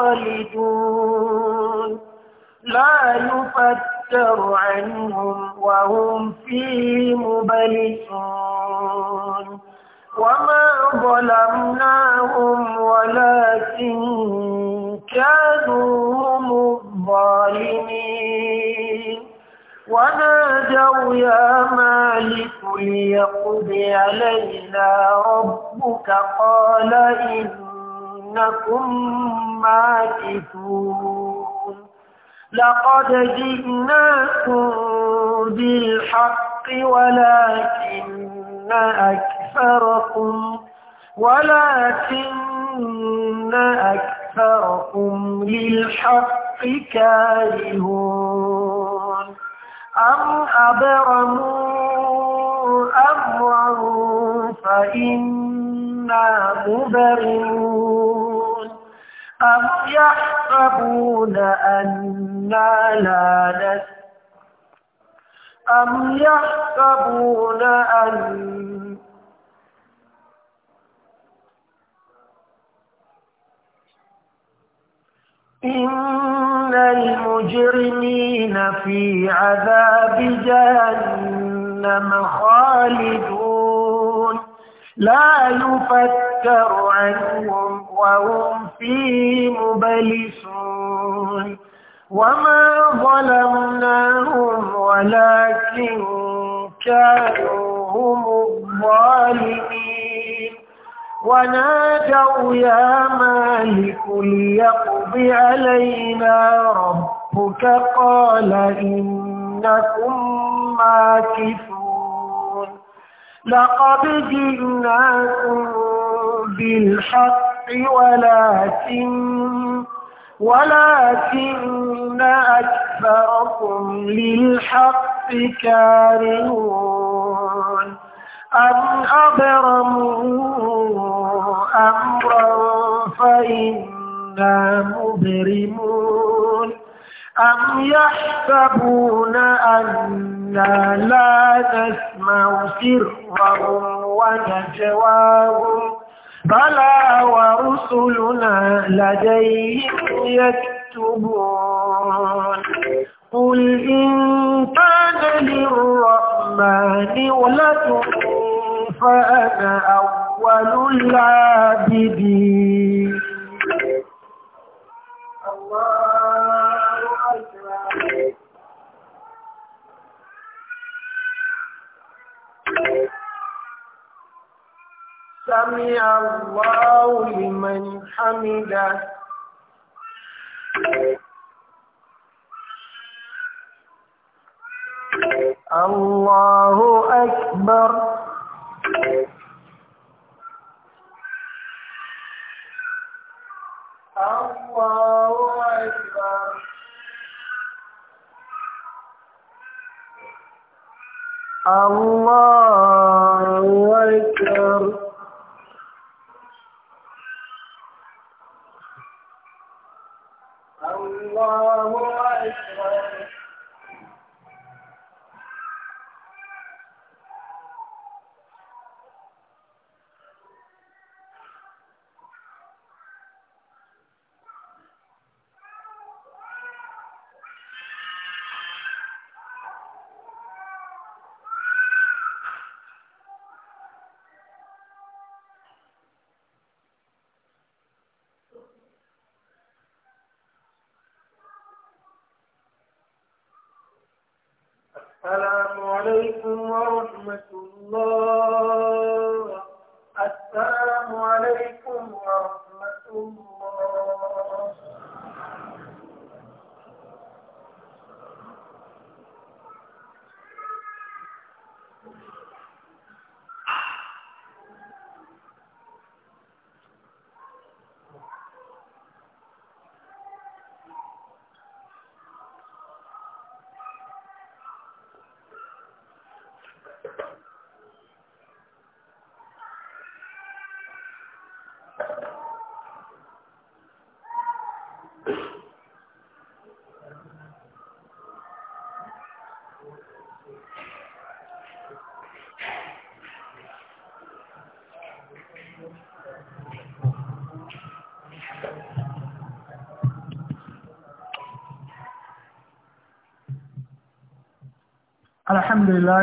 خالدون لقد جئناكم بالحق ولكن أكثركم ولكن أكثركم للحق كارهون أم أبرموا أمرا فإنا مبرمون أم يحسبون أنا لا نسمع أم يحسبون أن إن المجرمين في عذاب جهنم خالدون لا يفكر عنهم وهم فيه مبلسون وما ظلمناهم ولكن كانوا هم الظالمين ونادوا يا مالك ليقض علينا ربك قال إنكم ماكثون لقد جئناكم بالحق ولكن ولكن أكثركم للحق كارهون أم أبرموا أمرا فإنا مبرمون أم يحسبون أنا لا نسمع سرهم ونجواهم بلى ورسلنا لديهم يكتبون قل إن كان للرحمن ولد فأنا أول العابدين الله سمع الله لمن حمده الله أكبر الحمد لله